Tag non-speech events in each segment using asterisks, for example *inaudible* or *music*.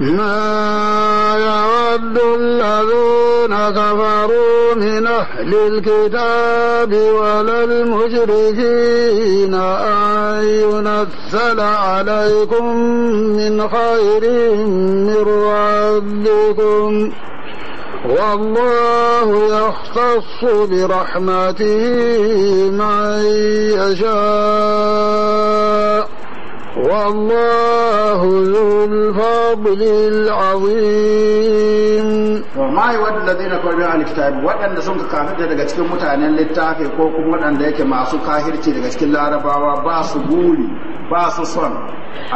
ما يود الذين كفروا من أهل الكتاب ولا المشركين أن ينزل عليكم من خير من ربكم والله يختص برحمته من يشاء والله ذو الفضل العظيم وما يود الذين كفروا عن الكتاب وأن سنك كافرت daga cikin mutanen littafi ko kuma waɗanda yake masu kahirci daga cikin larabawa ba su guri ba su son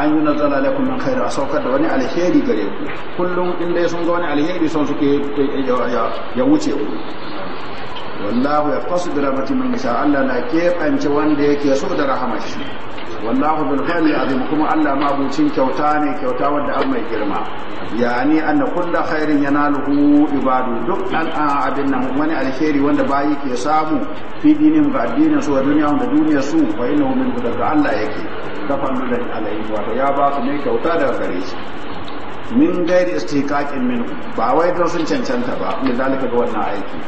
an yi nazala alaikum min khair a saukar da wani alheri gare ku kullum inda sun ga wani alheri son suke ya wuce ku wallahu ya fasu bi rahmatin min Allah na keɓance wanda yake so da rahamar wallahu bil khairi azim kuma Allah ma bucin kyauta ne kyauta wanda an mai girma yani anna kullu khairin yanaluhu ibadu duk an abin nan wani alheri wanda bayi ke samu fi dinin ga addinin su da duniya da duniyar su fa innahu min daga Allah yake kafan da alaihi wato ya ba su ne kyauta daga gare shi min gairi istihqaqin min ba wai don sun cancanta ba min zalika ga wannan aiki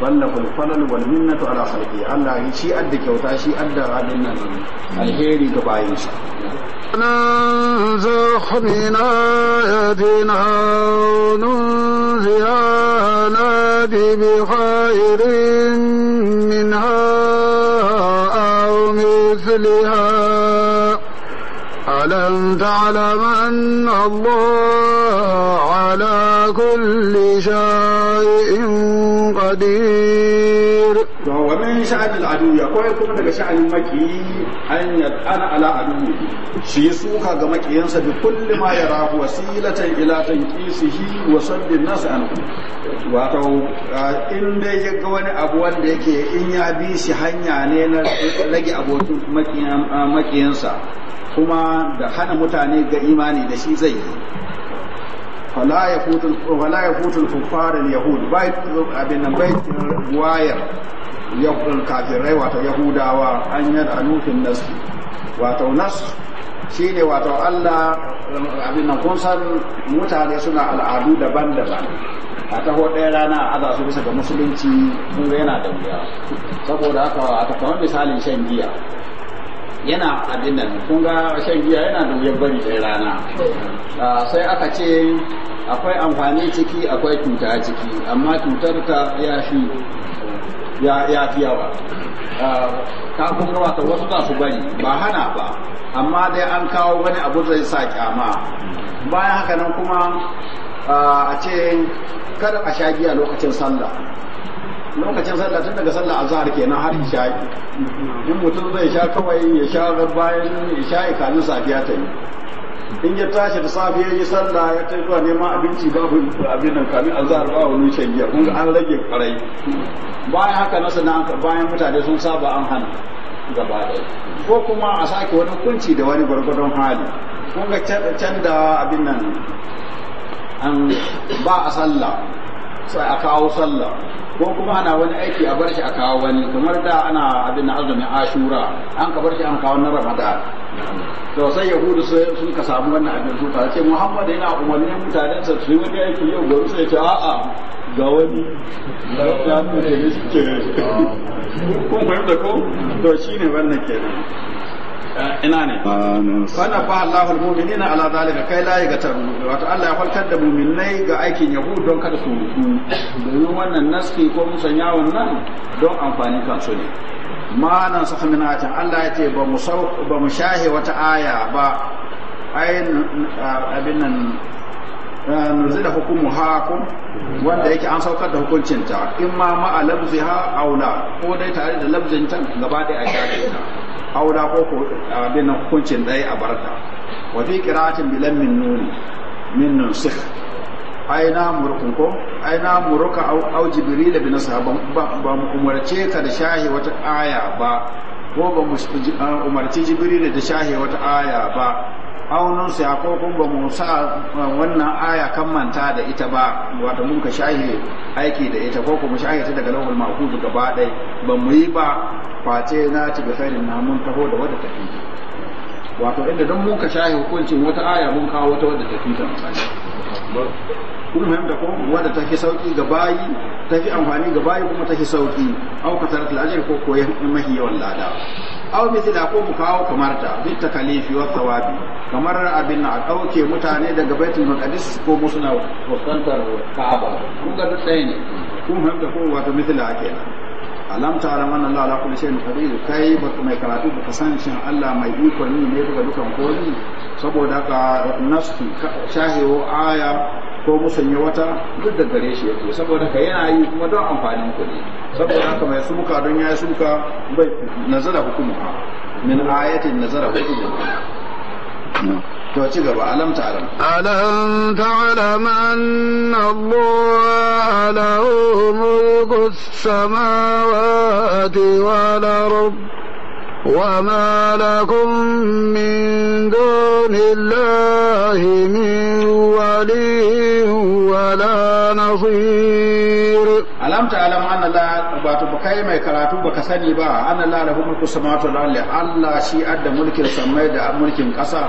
ballahu al-fadl wal minnatu ala khalqi Allah shi adda kyauta shi adda abin nan alheri ga bayin shi ننزح من آياتنا وننزها نادي بخير منها أو مثلها ألم تعلم أن الله على كل شيء qadir to wa min sha'an akwai kuma daga sha'anin maki an yad'ana shi suka ga makiyansa bi ya ma yarahu wasilatan ila tanqisihi wa saddin nas anhu wato in dai ya wani abu wanda yake in ya bi shi hanya ne na rage abokin makiyansa kuma da hana mutane ga imani da shi zai yi fala ya futul fala ya yahud bai abin nan bai wayar yahudun kafirai wato yahudawa an yi nufin nasu wato shi ne wato Allah abin nan kun san mutane suna al'adu daban-daban a taho ɗaya rana a aza su bisa ga musulunci kuma yana da wuya saboda haka a kamar misalin shan giya yana abin nan kun ga shan giya yana da wuyan bari sai rana ah, sai aka ce akwai amfani ciki akwai cuta ciki amma cutar ta ya shi ya fi yawa ah, ka kun ga wata wasu za su bari ba hana ba amma dai an kawo wani abu zai sa kyama bayan haka nan kuma ah, a ce kada a sha giya lokacin sallah lokacin sallah tun daga sallah azhar kenan har isha in mutum zai sha kawai ya sha bayan isha'i kamin safiya ta yi in ya tashi da safiya ya sallah ya tafi zuwa neman abinci babu abin nan kafin azhar ba wani shan giya kun an rage karai bayan haka na bayan mutane sun saba an hana gaba ko kuma a sake wani kunci da wani gwargwadon hali kun ga abin nan an ba a sallah sai a kawo sallah ko kuma ana wani aiki a bar shi a kawo wani kamar da ana abin azumin ashura an ka bar an kawo na ramadan to sai yahudu sun ka samu wannan abin su ce muhammad yana umarnin mutanen sa su yi wani aiki yau gari sai ce a'a ga wani ya da shi suke kun fahimta ko to shine wannan kenan ina ne fa na fa Allahu al almu'minina ala zalika kai la yaga tarmu wato Allah ya farkar da mu'minai ga aikin yahud don kada su mutu domin wannan naski ko musan musanya nan don amfani kan su ne ma nan saka min atin Allah ya ce ba mu ba mu shahe wata aya ba ayin abin nan da hukumu hakum wanda yake an saukar da hukuncinta in ma ma'a labziha aula ko dai tare da labzinta gaba ɗaya a shaɗe Hauda ko abin nan hukuncin ɗaya a barka, wa fi qira'atin lam min nuni min nusikh aina murkun ko aina muruka au au jibril bin sahaban ba mu umarce ka da shahi wata aya ba ko ba mu Umarce jibril da shahi wata aya ba aunin sa ko kun ba mu sa ah, wannan aya kan manta da ita ba wato mun ka shahi aiki da ita ko kuma shahi ta daga lawul mahfuz gaba dai ba mu yi ba face na ci ga sai na mun taho da wata tafi wato inda don mun ka shahi hukuncin wata aya mun kawo wata wadda tafi ta misali mun fahimta ko wadda ta fi sauki ga bayi ta fi amfani ga bayi kuma ta fi sauki aukatar al'ajir ko koyan mahiyawan yawan lada aw mithla ko mu kawo kamar ta bit takalifi wa thawabi kamar abin a dauke mutane daga baitul maqdis ko mu suna fuskantar ka'aba kun ga duk ne kun fahimta ko wato mithla kenan alam ta alaman Allah ala kulli shay'in qadir kai ba mai karatu ba san shin Allah mai iko ne ne daga dukan komi saboda ka nasu shahiwo aya ko musanya wata duk da gare shi yake saboda ka yana yi kuma don amfanin ku ne saboda ka mai suka don ya suka bai nazara hukumuka min ayatin nazara hukumu hukumuka to ci gaba alam ta'lam alam ta'lam anna وما لكم من دون الله من ولي ولا نصير alam ta alam anna ba kai mai karatu baka sani ba anna la lahu mulku samawati da ardi Allah shi adda mulkin samai da mulkin kasa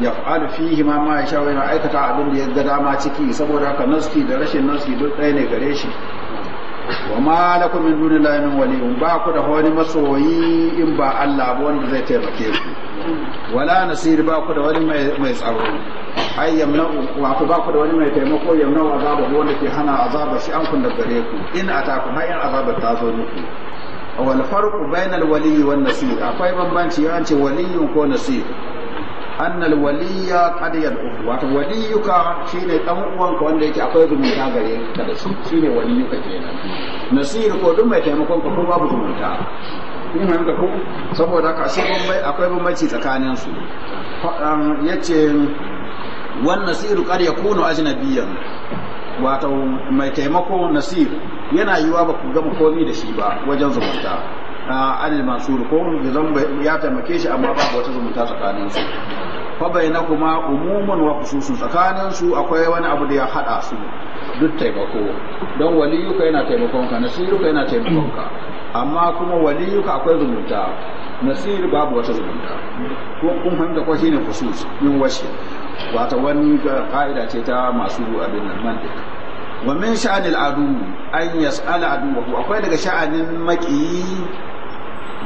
ya fa'alu fihi ma ma yasha yana aikata abin da ya ga dama ciki saboda haka naski da rashin naski duk ɗaya ne gare shi wa ma lakum min dunillahi min ba ku da wani masoyi in ba Allah ba wanda zai taimake ku wala nasir ba ku da wani mai tsaro ai yamna wa ku ba ku da wani mai taimako yamna wa azaba wanda ke hana azaba shi an kun da gare ku in ataku ma in azaba ta zo muku wal farqu bainal waliyyi wan nasir akwai bambanci yawanci waliyun ko nasir annal waliya qad yad'u wato waliyuka shine dan uwanka wanda yake akwai zumunta gare ka da shi shine waliyuka kenan nasir ko duk mai taimakon ka babu zumunta Ku fahimta ko saboda haka sai akwai bambanci tsakanin su yace wan nasiru ya yakunu ajnabiyan wato mai taimako nasir yana yiwa ba ku gama komi da shi ba wajen zumunta alil mansur ko ya taimake shi amma babu wata zumunta tsakanin su fa kuma umuman wa khususun tsakanin su akwai wani abu da ya hada su duk taimako don waliyuka yana taimakon ka nasiruka yana taimakon ka amma kuma waliyuka akwai zumunta Nasiru babu wata zumunta kun fahimta ko shine khusus yin washi wata wani ka'ida ce ta masu abin nan mantik wa min sha'anil adu an yas'ala adu akwai daga sha'anin makiyi.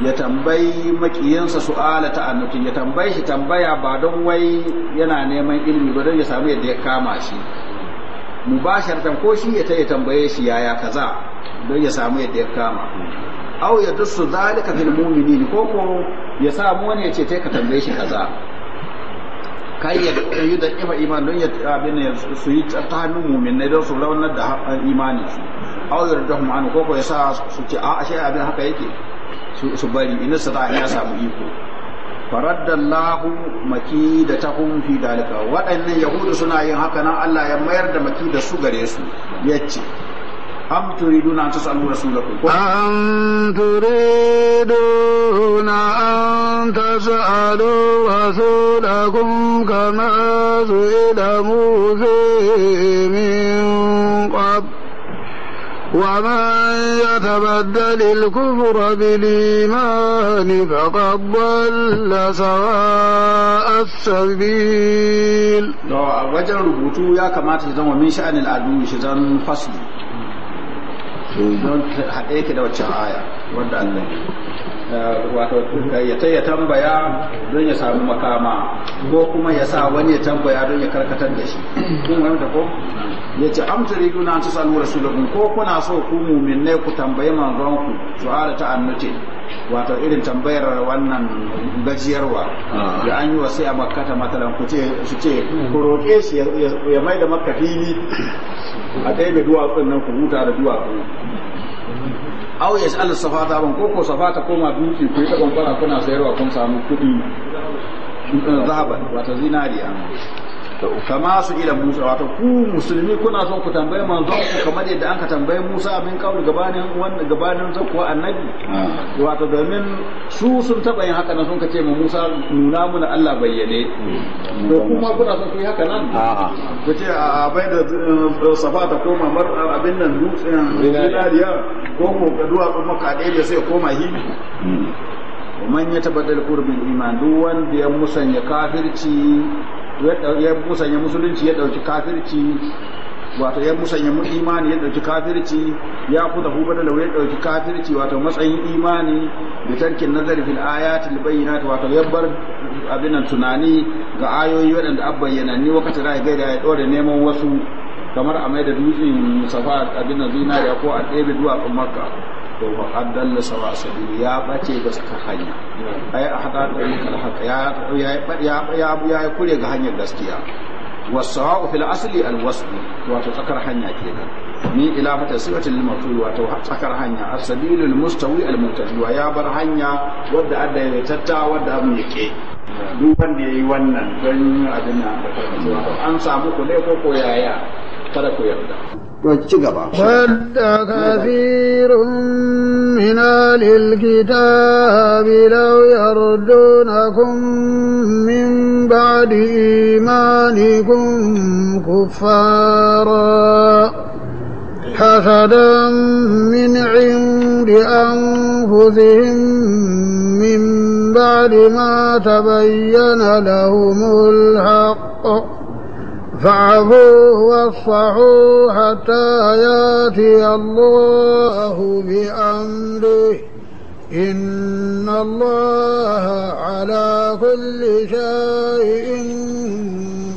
ya tambayi makiyansa su'ala ta annatin ya tambayi shi tambaya ba don wai yana neman ilimi ba don ya samu yadda ya kama shi Mu mubasharatan ko shi ya ta ya tambaye shi yaya kaza don ya samu yadda ya kama au ya dusu zalika fil mu'minin ko ko ya samu wani ya ce ta ka tambaye shi kaza kai ya yi da kifa iman don ya abin ya su yi ta hannun ne don su raunar da imanin su au ya rudahum an ko ko ya sa su ce a ashe abin haka yake su bari in sata ya samu iko faraddallahu maki da tahum fi dalika waɗannan yahudu suna yin haka nan Allah ya mayar da maki da su gare su yace am turiduna an tasalu rasulakum am turiduna an tasalu rasulakum kama su'ila musa min qabl ومن يتبدل الكفر بالإيمان فقد ضل سواء السبيل. wajen rubutu ya kamata ya zama min sha'anin al'adu shi zan don haɗe ki da waccan aya wanda Allah eh, wato eh, ya tambaya don ya samu makama ko kuma ya sa wani ya tambaya don ya karkatar da shi kun wanda ko ya ce amsa riguna an su salu ko kuna so ku muminnai ku tambayi manzon ku su'ala ta annace wato irin tambayar wannan gajiyarwa ah. da an yi wasu a makkata matalan ku ce su ce ku roƙe shi ya mai da makka fili a ɗaya da duwatsun nan ku huta da duwatsu aw ya safa ta ban ko ko safata koma duki ku yi ta bambara kuna sayarwa kun samu kuɗi zahaban wata zinariya kama su ila Musa wato ku musulmi kuna son ku tambaye manzon ku kamar yadda an ka tambaye Musa min kawul gabanin wanda gabanin kuwa annabi ah. wato domin su sun taba yin haka nan sun ka ce mu Musa nuna muna Allah bayyane hmm. to kuma kuna son ku yi haka nan ku ce a bai da eh, safa ta koma mar abin nan dutsen eh, zinariya ko ko duwatsun makaɗe da sai koma hi hmm. man ya tabbatar kurbin iman duk wanda ya musanya kafirci ya musanya musulunci ya dauki kafirci wato ya musanya imani ya dauki kafirci ya kuda hu badala ya dauki kafirci wato matsayin imani da tarkin nazari fil ayati al bayyinat wato ya bar abinan tunani ga ayoyi waɗanda an bayyana ni wakati da ga ya dore neman wasu kamar a mai da dutsen safa abinan zinariya ko a ɗebe duwatsun makka to ba haddalla sawa sabi ya bace ga suka hanya ai a hada da muka haka ya ya ya ya ya ya kure ga hanyar gaskiya wasawa'u fil asli al wasl wato tsakar hanya kenan ni ila mata sifatil maful wato tsakar hanya asabilul mustawi al muntaji wa ya bar hanya wadda adda ya tatta wadda abu yake duk wanda yayi wannan don abin nan an samu ko ne ko ko yaya kada ku yarda to ci gaba wadda kafirun من آل الكتاب لو يردونكم من بعد إيمانكم كفارا حسدا من عند أنفسهم من بعد ما تبين لهم الحق فاعفوه واصفحوا حتى ياتي الله بأمره إن الله على كل شيء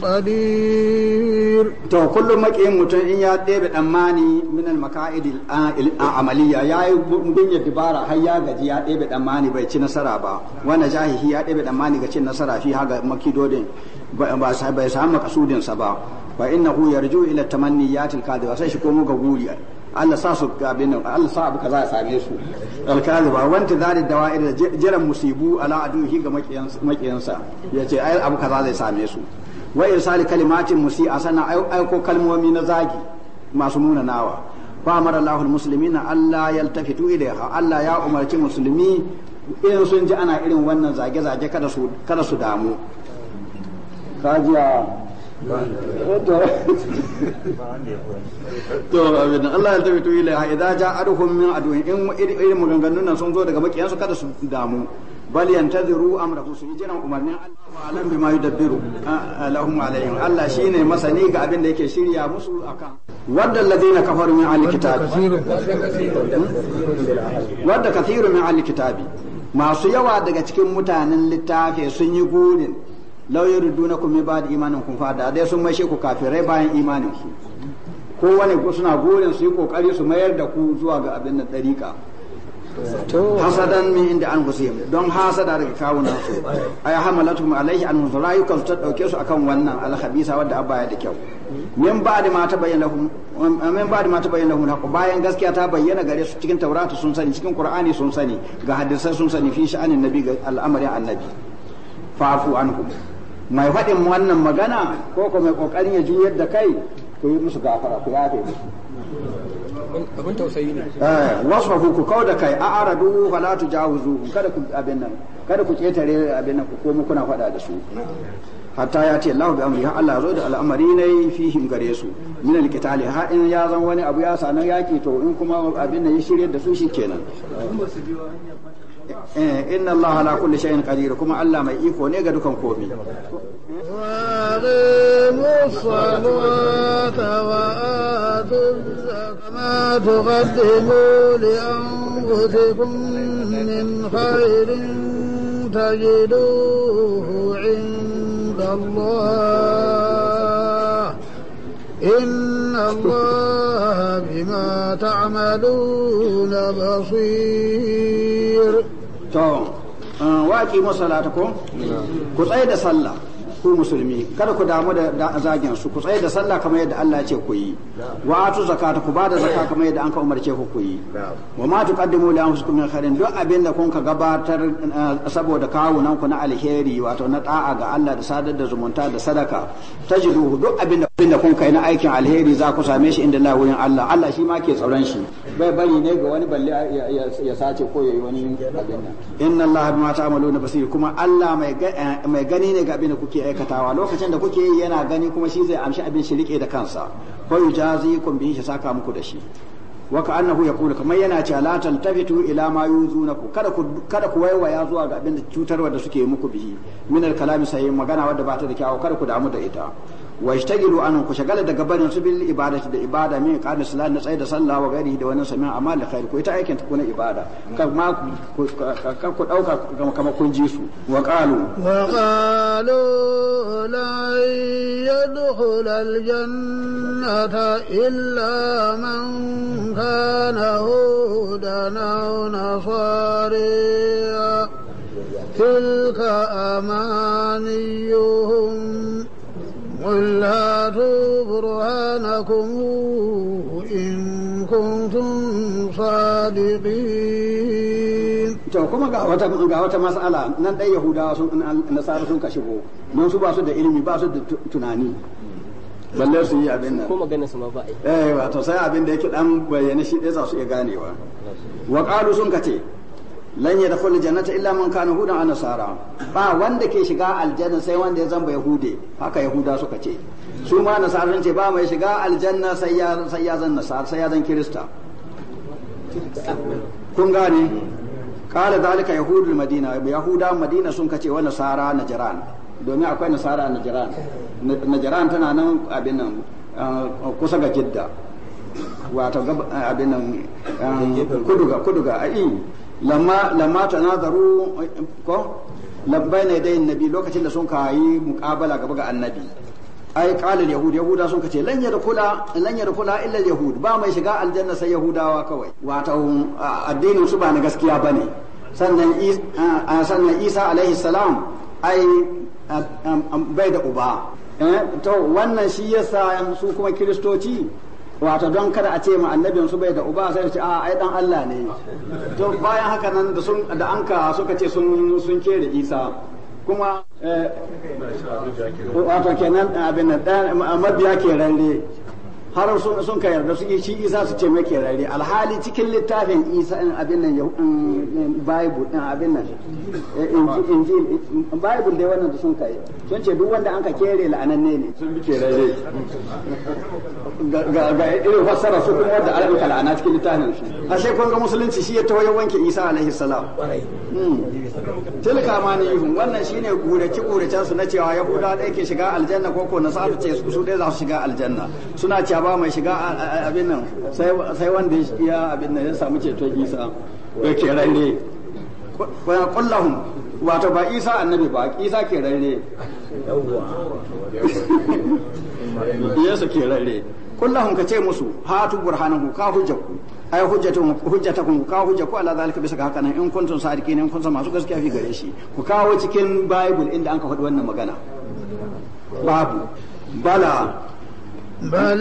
قدير to kullum makiyin mutum in ya ɗebe ɗammani min al-maka'id al-amaliya ya yi gunyar dibara har ya gaji ya ɗebe ɗammani bai ci nasara ba wanda jahihi ya ɗebe ɗammani ga ci nasara fi haga makidodin bai samu makasudinsa ba fa innahu yarju ila tamanniyatil kadhiba sai shi komo ga guri Allah sa su abin nan Allah sa abu kaza ya same su alkaziba wanta zari dawa'ir jiran musibu ala aduhi ga makiyansa yace ai abu kaza zai same su wa irsali kalimatin musi'a sana aiko kalmomi na zagi masu nuna nawa fa amara allah almuslimina alla yaltafitu ilaiha Allah ya umarci musulmi in sun ji ana irin wannan zage-zage kada su kada su damu kajiya to Allah ya tafi tuyi laiha idan ja aduhum min aduin in irin maganganun nan sun zo daga makiyansu kada su damu bal yantaziru amrahu su umarnin Allah wa alam bima yudabbiru lahum Allah shine masani ga abin da yake shirya musu akan wadda alladhina kafaru min ahli kitabi wadda min ahli kitabi masu yawa daga cikin mutanen littafi sun yi gurin law yuridunakum da imanin imanikum fa da dai sun maishe ku kafirai bayan imanin su wani suna gurin su yi kokari su mayar da ku zuwa ga abin da dariƙa hasadan min inda an husayim don hasada daga na su ay hamalatuhum alaihi an rayukan su ta dauke su akan wannan alhabisa wadda abaya da kyau min ba'di ma tabayyana lahum min ba'di ma lahum bayan gaskiya ta bayyana gare su cikin taurata sun sani cikin qur'ani sun sani ga hadisai sun sani fi sha'anin nabi ga al'amarin annabi fa'fu anhum mai faɗin wannan magana ko ko mai ƙoƙarin ya juyar da kai ku yi musu gafara ku yafe musu abin tausayi ne eh wasfahu ku kauda kai a aradu fala tujawizu kada ku abin nan kada ku ketare abin nan ku komo kuna faɗa da su hatta ya ce Allah bi amri Allah zo da al'amari ne fihim gare su min alqitali ha in ya zan wani abu ya sanar yaki to in kuma abin nan ya shirye da su shikenan إيه، إن الله على كل شيء قدير كما ما إيكو نيقا دوكم كومي وأقيم وآتوا الزكاة تقدموا لأنفسكم من خير تجدوه عند الله إن الله بما تعملون بصير to uh, waki musalata ko ku tsaye da sallah ku musulmi kada ku damu da zagin su ku tsaye da sallah kamar yadda Allah ya ce ku yi wa atu zakata ku bada zakka kamar yadda an ka umarce ku ku yi wa ma tuqaddimu li anfusikum min khairin duk abin da kun ka gabatar eh, saboda nan ku na alheri wato na da'a ga Allah da sadar da zumunta da sadaka tajidu duk abin da kun kai na aikin alheri za ku same shi inda wurin Allah Allah shi ma ke tsauran shi bai bari ne ga wani balle ya sace ko yayi wani abin nan inna Allah bima ta'maluna basir kuma Allah eh, mai gani ne ga abin da kuke aikatawa lokacin da kuke yi yana gani kuma shi zai amshi abin shi rike da kansa ko kun bi shi saka muku da shi wa ya yaqulu kamar yana cewa la taltafitu ila ma yuzunaku kada ku kada ku waiwaya zuwa ga abin da cutarwa da suke muku bihi min al kalami sayyid magana wadda ba ta da kyau kada ku damu da ita ta wajtagilu anhu ku shagala daga barin su bil ibadati da ibada min qala salat na tsaida sallah wa gairi da wannan sami'a amal khair ku ita aikin ta kuna ibada kuma ku ku dauka kamar kun ji su wa qalu wa qalu la jannata illa man kana hudan aw nasariya tilka amaniyuhum لكم إن كنتم صادقين to kuma ga wata ga wata mas'ala nan dai yahudawa sun nasara sun ka shigo mun su ba su da ilimi ba su da tunani balle su yi abin nan ko magana su ma ba eh wato sai abin da yake dan bayyana shi dai za su iya ganewa wa qalu sun kace lan yadkhul jannata illa man kana hudan an nasara ba wanda ke shiga aljanna sai wanda ya zamba yahude haka yahuda suka ce su ma nasara sun ce ba mai shiga aljanna sai ya zan nasar sai ya zan kirista kun gane kala dalika yahudul madina yahuda madina sun kace wa nasara najran domin akwai nasara najran najran tana nan abin nan uh, kusa ga jidda wato abin nan um, kuduga kuduga ai lamma lamma tanazaru ko labbaina dai annabi lokacin da sun kai muqabala gaba ga annabi ai kala yahudu yahud yahuda sun kace lan kula lan kula illa yahud ba mai shiga aljanna sai yahudawa kawai wato addinin su ba na gaskiya bane sannan sannan isa alaihi salam ai bai da uba eh, to wannan shi yasa su kuma kiristoci wato don kada a ce ma annabin su bai da uba sai ce a ai dan Allah ne to bayan haka nan da sun da anka suka ce sun sun kere isa kuma eh, wato kenan abin nan mabiya ke ralle har sun ka yarda suke shi isa su ce make rari alhali cikin littafin isa in abin nan bible din abin nan eh, injil bible dai wannan da sun kai sun ce duk wanda an ka kere la'ananne ne sun bi kerare ga ga irin fassara su kuma da arabi kala'ana cikin littafin shi ashe kun ga musulunci shi ya tawo wanke isa alaihi salam hmm. tilka ma yihun wannan shine gurace gurace su na cewa yahudawa da yake shiga aljanna ko ko nasara ce su dai za su shiga aljanna suna cewa ba mai shiga abin nan sai wanda ya abin nan ya samu ceto isa ya ke rarre wa kullahum wato ba isa annabi ba isa ke rarre yesu ke rarre kullahum ka ce musu hatu burhanan ku ka hujjaku ai hujjatun hujjatakum ka hujjaku ala zalika bisa haka nan in kuntum sadiqin in kuntum masu gaskiya fi gare shi ku kawo cikin bible inda an ka faɗi wannan magana babu bala بل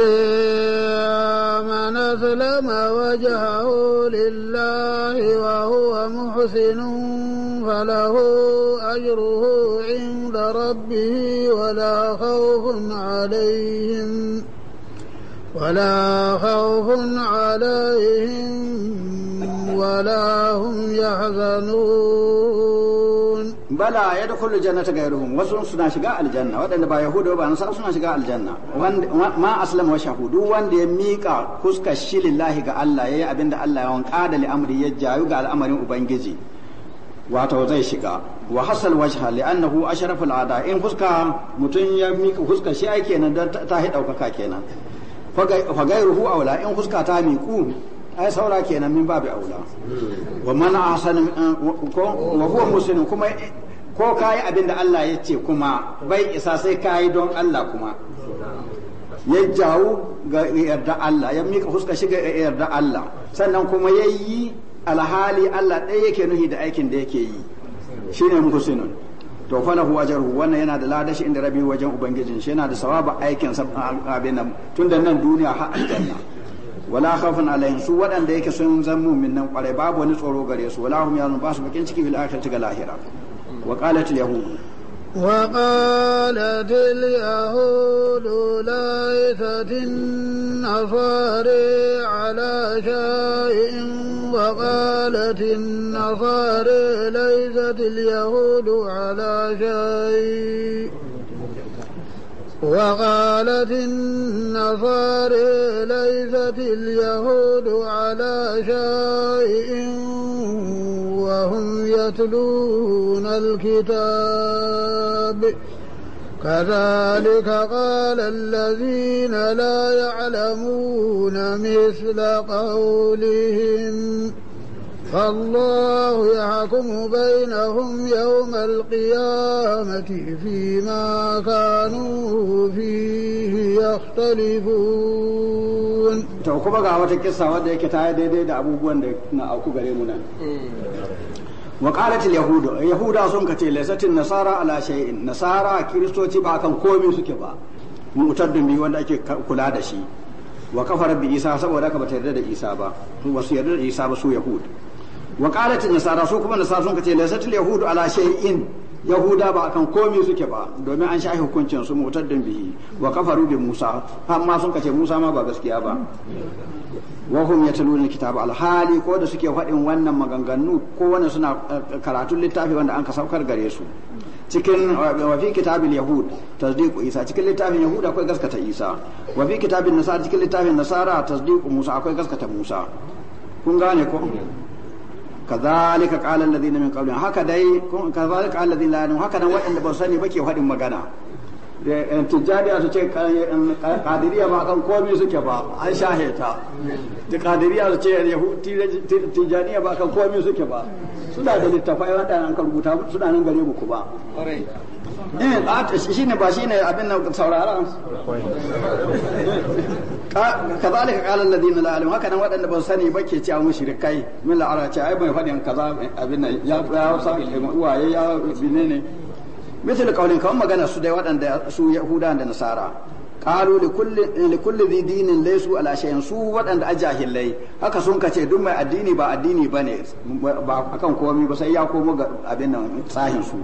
من أسلم وجهه لله وهو محسن فله أجره عند ربه ولا خوف عليهم ولا خوف عليهم ولا هم يحزنون bala ya da kullu jannata gairuhum wasu suna shiga aljanna waɗanda ba yahudawa ba nasara suna shiga aljanna ma aslama wa shahudu wanda ya mika kuskar shi lillahi ga Allah yayi abin da Allah ya wanka da al'amari ya jayu ga al'amarin ubangiji wato zai shiga wa hasal wajha li'annahu ashrafu al'ada in fuska mutun ya mika fuska shi ai kenan dan ta hi daukaka kenan fa gairuhu aula in fuska ta miku ai saura kenan min babu aula hmm. wa man ahsana eh, ko wa huwa muslim kuma ko ka yi abin da Allah ya ce kuma bai isa sai ka yi don Allah kuma ya jawo ga yarda Allah ya mika fuska shi ga yarda Allah sannan kuma ya yi alhali Allah ɗaya yake nuhi da aikin da yake yi shine muhsinun to fa lahu ajruhu wannan yana da ladashi inda rabi wajen ubangijin shi yana da sawaba aikin sa abin nan tunda nan duniya har aljanna wala khafun alaihim su waɗanda yake sun zan mu'min nan kwarai babu wani tsoro gare su wala hum yanzu ba su bakin ciki bil ga lahira وقالت اليهود وقالت اليهود ليست النصارى على شيء وقالت النصارى ليست اليهود على شيء وقالت النصارى ليست اليهود على شيء يتلون الكتاب كذلك قال الذين لا يعلمون مثل قولهم فالله يحكم بينهم يوم القيامة فيما كانوا فيه يختلفون to kuma ga wata kissa wadda yake ta daidai da abubuwan da na auku gare mu nan wa qalat al yahuda yahuda sun kace laysatin nasara ala shay'in nasara kristoci ba kan komai suke ba mutaddin bi isa saboda haka bata yarda da isa ba su yarda da isa ba su yahud wa qalat nasara su kuma nasara sun kace laysatul yahudu ala shay'in yahuda ba akan komai suke ba domin an shahi hukuncin su mutaddin bihi wa kafaru bi musa amma sun kace musa ma ba gaskiya ba wa hum yatluna kitabu alhali ko da suke faɗin wannan maganganu ko wannan suna eh, karatun littafi wanda an ka saukar gare su cikin wa fi kitabil yahud tasdiqu isa cikin littafin yahud akwai gaskata isa wa fi kitabin nasara cikin littafin nasara tasdiqu musa akwai gaskata musa kun gane ko kazalika qala alladhina min qablihim haka dai kazalika alladhina la haka dan wanda ba su sani ba ke faɗin magana Eh, tijjaniya su ce kadiriya ba kan komi suke ba an shahe ta da kadiriya su ce tijjaniya ba kan komi suke ba suna da littafai waɗannan kan rubuta suna nan gare muku eh, ba shi ne ba shi ne abin nan saurara kazalika kalan alladhina la la'alim haka nan waɗanda ba sani ba ke cewa mushrikai min la'ara ce ai mai faɗin kaza abin nan ya ya sa uwaye ya ne مثل قولين magana su سودي ودان su يهودا da nasara قالوا لكل لكل ذي دين ليسوا على شيء su wadanda ajahilai haka sun kace duk mai addini ba addini bane ba akan komai ba sai ya komo ga abin nan tsahin su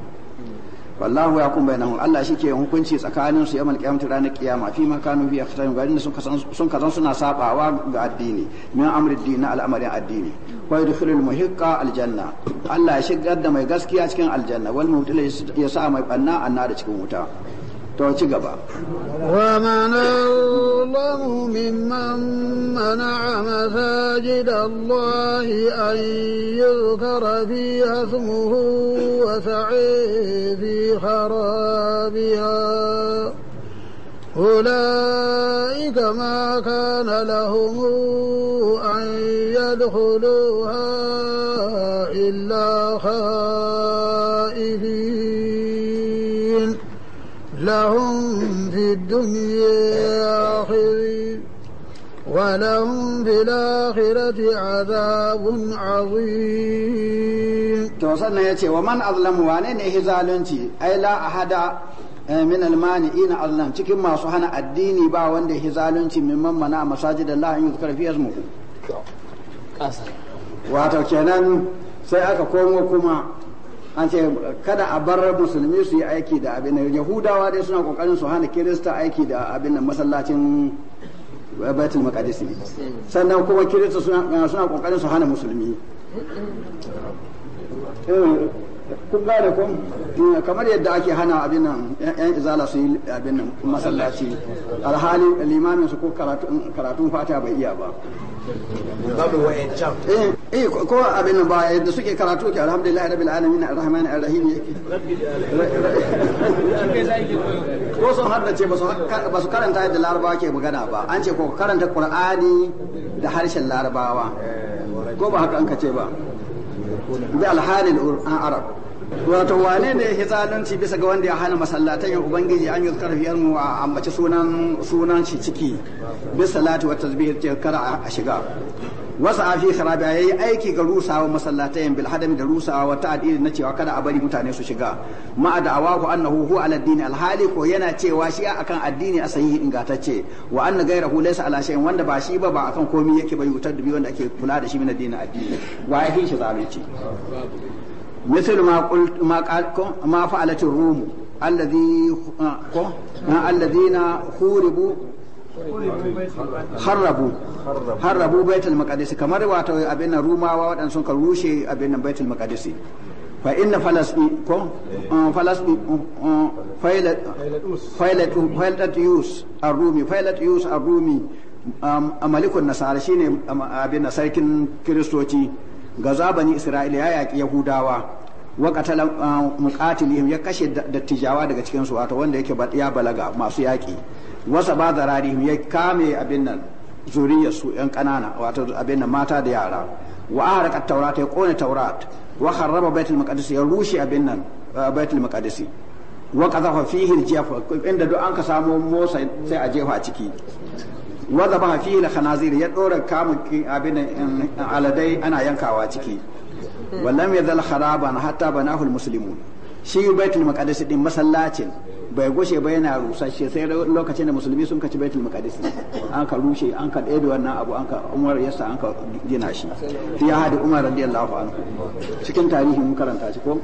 wallahu ya kun bainahum Allah shi ke hukunci tsakanin su yamal qiyamati ranar kiyama fi ma kanu fi yakhtan garin sun kasan sun kasan suna sabawa ga addini min amri dini al'amarin addini wa yadkhulul muhiqqa aljanna Allah ya shigar da mai gaskiya cikin aljanna wal mutila ya sa mai banna annar cikin wuta to ci gaba wa man allahu mimman mana'a masajid Allah an yuzkara fiha ismuhu wa sa'i fi harabiha أولئك ما كان لهم أن يدخلوها إلا خائفين الدنيا خزي ولهم في الآخرة عذاب عظيم توصلنا يتي ومن أظلم وانين هزالنتي أي لا أحد min almani'in azlam cikin masu hana addini ba wanda ya zalunci mimman mana masajid Allah an yuzkar fi ismuhu wato kenan sai aka komo kuma an ce kada a bar musulmi su yi aiki da abin yahudawa dai suna kokarin su hana kirista aiki da abin nan masallacin baitul maqdis sannan kuma kirista suna suna kokarin su hana musulmi eh, kun gane ko eh, kamar yadda ake hana abin nan yan izala su yi abin nan masallaci alhali limamin su ko karatun fata bai iya ba Eh, eh ko abin ba yadda suke karatu ke alhamdulillah rabbil alamin arrahman arrahim yake ko sun ce ba su karanta yadda larabawa ke magana ba an ce ko karanta qur'ani da harshen larabawa ko ba haka an ka ce ba bi alhalin arab wato wane ne ya zalunci bisa ga wanda ya hana masallatan ya ubangiji an yi fiyar mu a ambaci sunan shi ciki bisa salati wa tasbih ta kara a shiga wasu afi ya yayi aiki ga rusawa masallatan bil hadami da rusawa wa ta'dil na cewa kada a bari mutane su shiga ma da'awa ku annahu huwa ala din al ko yana cewa shi akan addini a sahihi ingatacce wa anna ghayrahu laysa ala shay'in wanda ba shi ba ba akan komai yake bai yutar dubi wanda ake kula da shi min addini addini wa ya shi zalunci مثل ما قلت ما قالكم ما فعلت الروم الذي الذين خوربوا harrabu harrabu baitul maqdis kamar wato abin rumawa wadan sun ka rushe abin baitul maqdis fa inna falastin ko falastin failat failat failat yus arumi failat yus arumi malikun nasara shine abin sarkin kristoci gaza bani isra'ila ya yaƙi yahudawa wa qatala uh, muqatilihim ya kashe dattijawa daga cikin su wato wanda yake ya balaga masu yaki wasa ba zararihim ya kame abin nan zuriyar su yan kanana wato abin nan mata da yara wa araka taurat ya kone taurat wa kharraba baitul maqdis ya rushe abin nan uh, baitul maqdis wa qadhafa fihi al jafa inda duk an ka samo Musa sai a jefa a ciki wa zaba fi la khanazir ya dora kama abin aladai ana yankawa ciki wallam yadhal kharaban hatta banahu almuslimun shi baitul maqdis din masallacin bai goshe ba yana rusashe sai lokacin da musulmi sun kaci baitul maqdis an ka rushe an ka ɗebe wannan abu an ka umar yasa an ka gina shi fi hadi umar radiyallahu anhu cikin tarihi mun karanta shi ko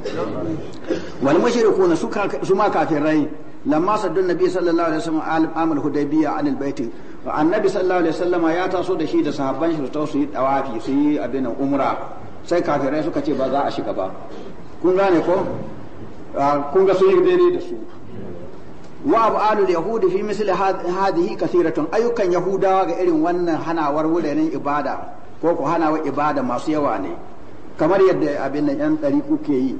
wal mushrikuna su ma kafirai lamma saddu nabi sallallahu alaihi wasallam al amr hudaybiya anil baiti wa annabi sallallahu alaihi wasallama ya taso da shi da sahabban shi su yi dawafi su yi abin umra sai kafirai suka ce ba za a shiga ba kun gane ko ah, kun ga sun yi daidai da su wa abalul yahudi fi misli hadhihi kathiratun ayyukan yahudawa ga irin wannan hanawar wuraren ibada ko ku hanawa ibada masu yawa ne kamar yadda abin nan yan dari kuke yi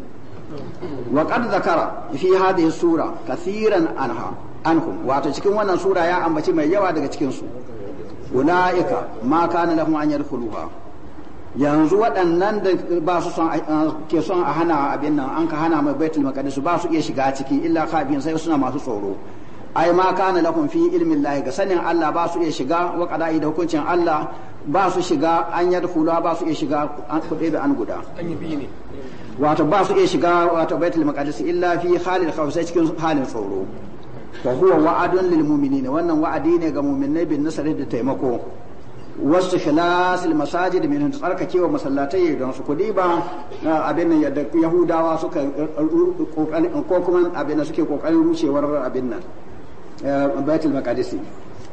wa qad zakara fi hadhihi sura kathiran anha anhum wato cikin wannan sura ya ambaci mai yawa daga cikin su ulaika ma kana lahum an yadkhuluha yanzu waɗannan da ba su son ke son a hana abin nan an ka hana mai baitul maqdis ba su iya shiga ciki illa khabin sai suna masu tsoro ai ma kana lahum fi ilmin lahi ga sanin Allah ba su iya shiga wa qada'i da hukuncin Allah ba su shiga an yadkhuluha ba su iya shiga an kuɗe da an guda wato ba su iya shiga wato baitul maqdis illa fi halil khawsa cikin halin tsoro wa huwa wa'adun lil mu'minin wannan wa'adi ne ga mu'minai bin nasari da taimako wasu al masajid min tsarkakewa masallatai don su kudi ba abin nan yadda yahudawa suka uh, uh, ko kuma abin nan suke kokarin rucewar abin nan uh, baitul maqdis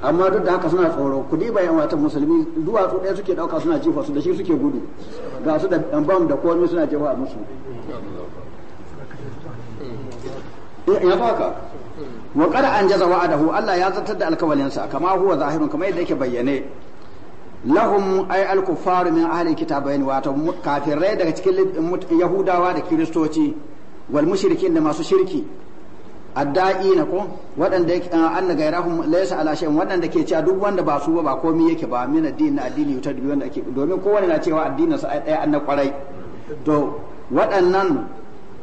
amma duk da haka suna tsoro kudi ba yan watan musulmi duwatsu ɗaya suke dauka suna jefa su da shi suke gudu ga su da bam da komai suna jefa musu ya baka wa qad anjaza wa'adahu Allah ya zartar da alkawalinsa kama huwa zahirun kama yadda yake bayyane lahum ay al kuffar min ahli kitabain ta kafirai daga cikin yahudawa da kiristoci wal mushrikin da masu shirki adda'i na ko waɗanda ah, anna gairahum laysa ala shay'in waɗanda ke cewa duk wanda ba su ba komai yake ba min addini addini yuta wanda ake domin kowanne na cewa addinin sa ɗaya an na kwarai to waɗannan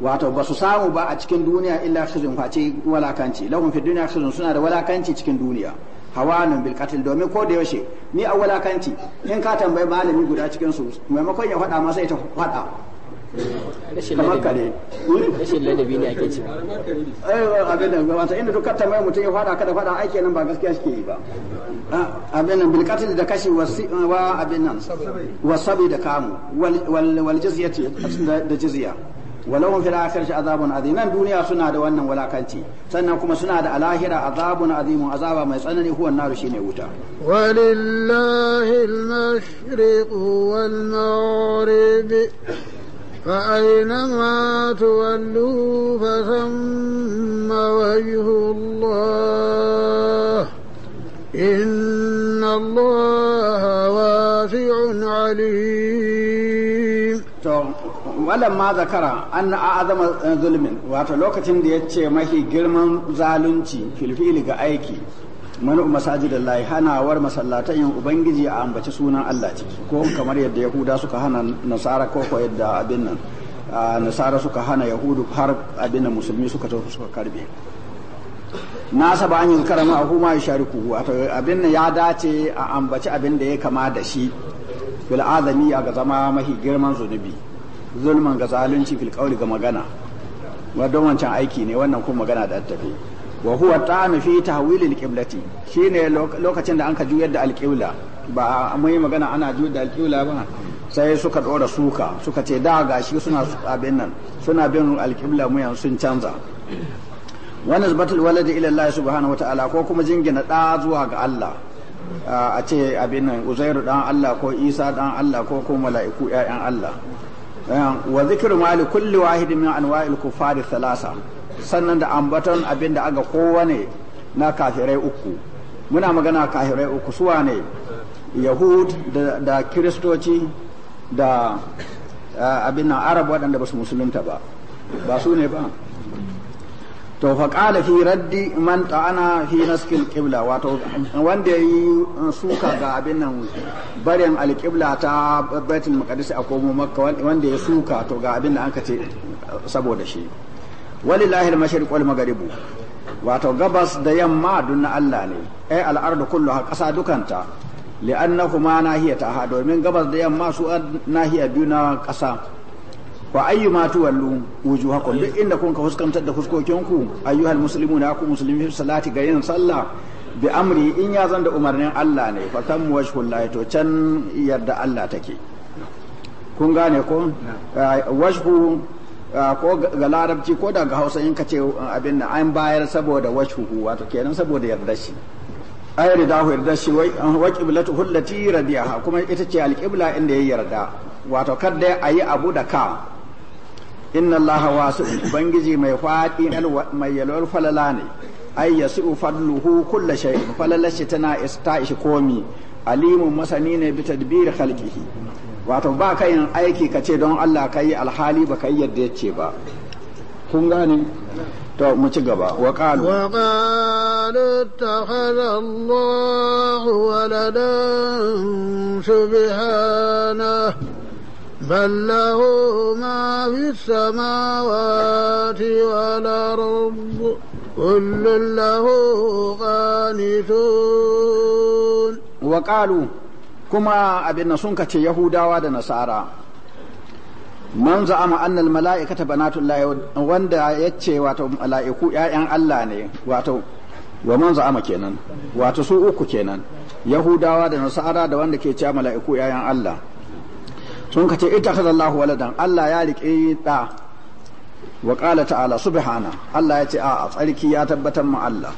wato ba su samu ba a cikin duniya illa khizun face walakanci lahum fi dunya khizun suna da walakanci cikin duniya hawanun bil qatl domin ko da yaushe ni a walakanci in ka tambayi malami guda cikin su maimakon ya faɗa masa ita faɗa kamar kare hmm? rashin ladabi ne ake cewa eh abin nan wato inda duk tambayi mutum ya faɗa kada faɗa ai kenan ba gaskiya shi yi ba ah, abin nan bil da kashi wa abin nan wasabi da kamu wal wal da jizya ولهم في الاخره عذاب عظيم من دنيا سنة وان ولا كنتي سنن كما سنة الاخره عذاب عظيم عذاب ما سنني هو النار شيء وتا ولله المشرق والمغرب فأينما تولوا فثم وجه الله إن الله واسع عليم to walan ma zakara an na azama zulmin wato lokacin da ya ce mahi girman zalunci filfili ga aiki mani manu masajidallahi hanawar masallatayin ubangiji a ambaci sunan Allah ciki ko kamar yadda yahuda suka hana nasara ko ko yadda abin nan nasara suka hana yahudu har abin nan musulmi suka tafi suka karbe na saba an yi karama a kuma ya shariku wato abin ya dace a ambaci abin da ya kama da shi fil adami ga zama mahi girman zunubi zulman ga zalunci fil ga magana wadon wancan aiki ne wannan kuma magana da tafi wa huwa ta'ami fi tahwilil qiblati shine lokacin da anka juyar da alqibla ba a mai magana ana juyar da alqibla ba sai suka dora suka suka ce da gashi suna abin nan suna bin alqibla mu yanzu sun canza wannan zubatul waladi ila Allah subhanahu wa ta'ala ko kuma jingina da zuwa ga Allah a ce abin nan uzairu dan Allah ko isa dan Allah ko ko mala'iku ƴaƴan Allah wa zikru ma kulli wahidin min anwa'il kuffari thalatha sannan da ambaton abin da aga kowane na kafirai uku muna magana kafirai uku suwa ne yahud da kiristoci da abin nan arab waɗanda ba su musulunta ba ba su ne ba to fa qala fi raddi man ta'ana fi naskil qibla wato wanda yayi suka ga abin nan barin alqibla ta baitul maqdis a komo makka wanda ya suka to ga abin da anka ce saboda shi walillahi al-mashriq wal maghrib wato gabas da yamma dunna Allah ne ai al-ardu kulluha kasa dukanta li'annahuma nahiyata domin gabas da yamma su nahiya biyu na kasa wa ayyu ma tuwallu wujuhakum duk inda kun ka fuskantar da fuskokinku ayyuhal na ku fi salati ga yin sallah bi amri in ya zan da umarnin Allah ne fa kan wajhullahi to can yarda Allah take kun gane ko wajhu ko ga larabci ko da ga hausa in ka ce uh, abin nan an bayar saboda wajhu wato kenan saboda yarda shi ay ridahu yarda shi wai uh, wa qiblatuhu allati radiyaha kuma ita ce alqibla inda ya yarda wato kada ayi abu da ka inna allaha wasu ubangiji mai faɗi mai yalwar falala ne ai ya su kulla shay falala shi tana ta ishi komi alimun masani ne bi tadbir khalqihi wato ba ka yin aiki ka ce don Allah ka yi alhali ba ka yi yadda ya ce ba kun gane to mu ci gaba wa qalu wa qalu Allah subhanahu بل له ما في السماوات والأرض كل له قانتون وقالوا كما أبن سنكة يهودا ونصارى man za'ama anna al mala'ikata banatullah wanda yace wato mala'iku ƴaƴan Allah ne wa man su uku kenan yahudawa da nasara da wanda ke cewa mala'iku ƴaƴan Allah sun ka ce ita ta Allahu waladan Allah ya riƙe ɗa wa ƙala ta'ala subhana Allah ya ce a tsarki ya tabbatar ma Allah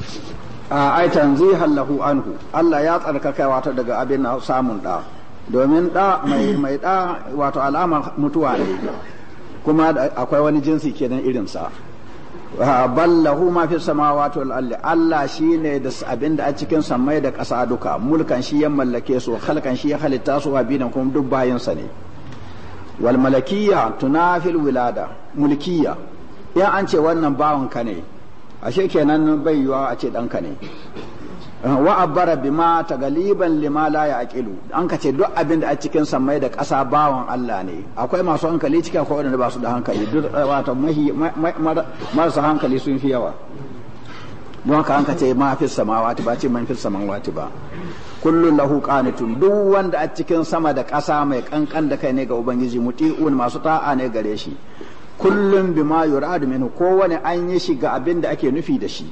a ai tanzihan lahu anhu Allah ya tsarkaka wata daga abin na samun ɗa domin ɗa mai ɗa wato alamar mutuwa ne kuma akwai wani jinsi kenan irin sa. ballahu ma fi samawati wal ardi Allah shine da abin da a cikin samai da ƙasa duka mulkan shi ya mallake su halkan shi ya halitta su wa kuma duk bayansa ne wal malakiyya tunafil wilada mulkiyya yan an ce wannan bawanka ne ashe kenan bai yiwa a ce ɗanka ne eh, wa abbara bima tagaliban lima la yaqilu an ka ce duk abin da a cikin samai da ƙasa bawan Allah ne akwai masu hankali cikin akwai wanda ba su da hankali duk eh, wato mahi marasa hankali sun fi yawa don haka an ka ce ma fi samawati ba ce man fi samawati ba kullun lahu qanitun duk wanda a cikin sama da ƙasa mai kankan da kai ne ga ubangiji muti'un masu ta'a ne gare shi kullun bima yuradu minhu kowane an yi shi ga abin da ake nufi da shi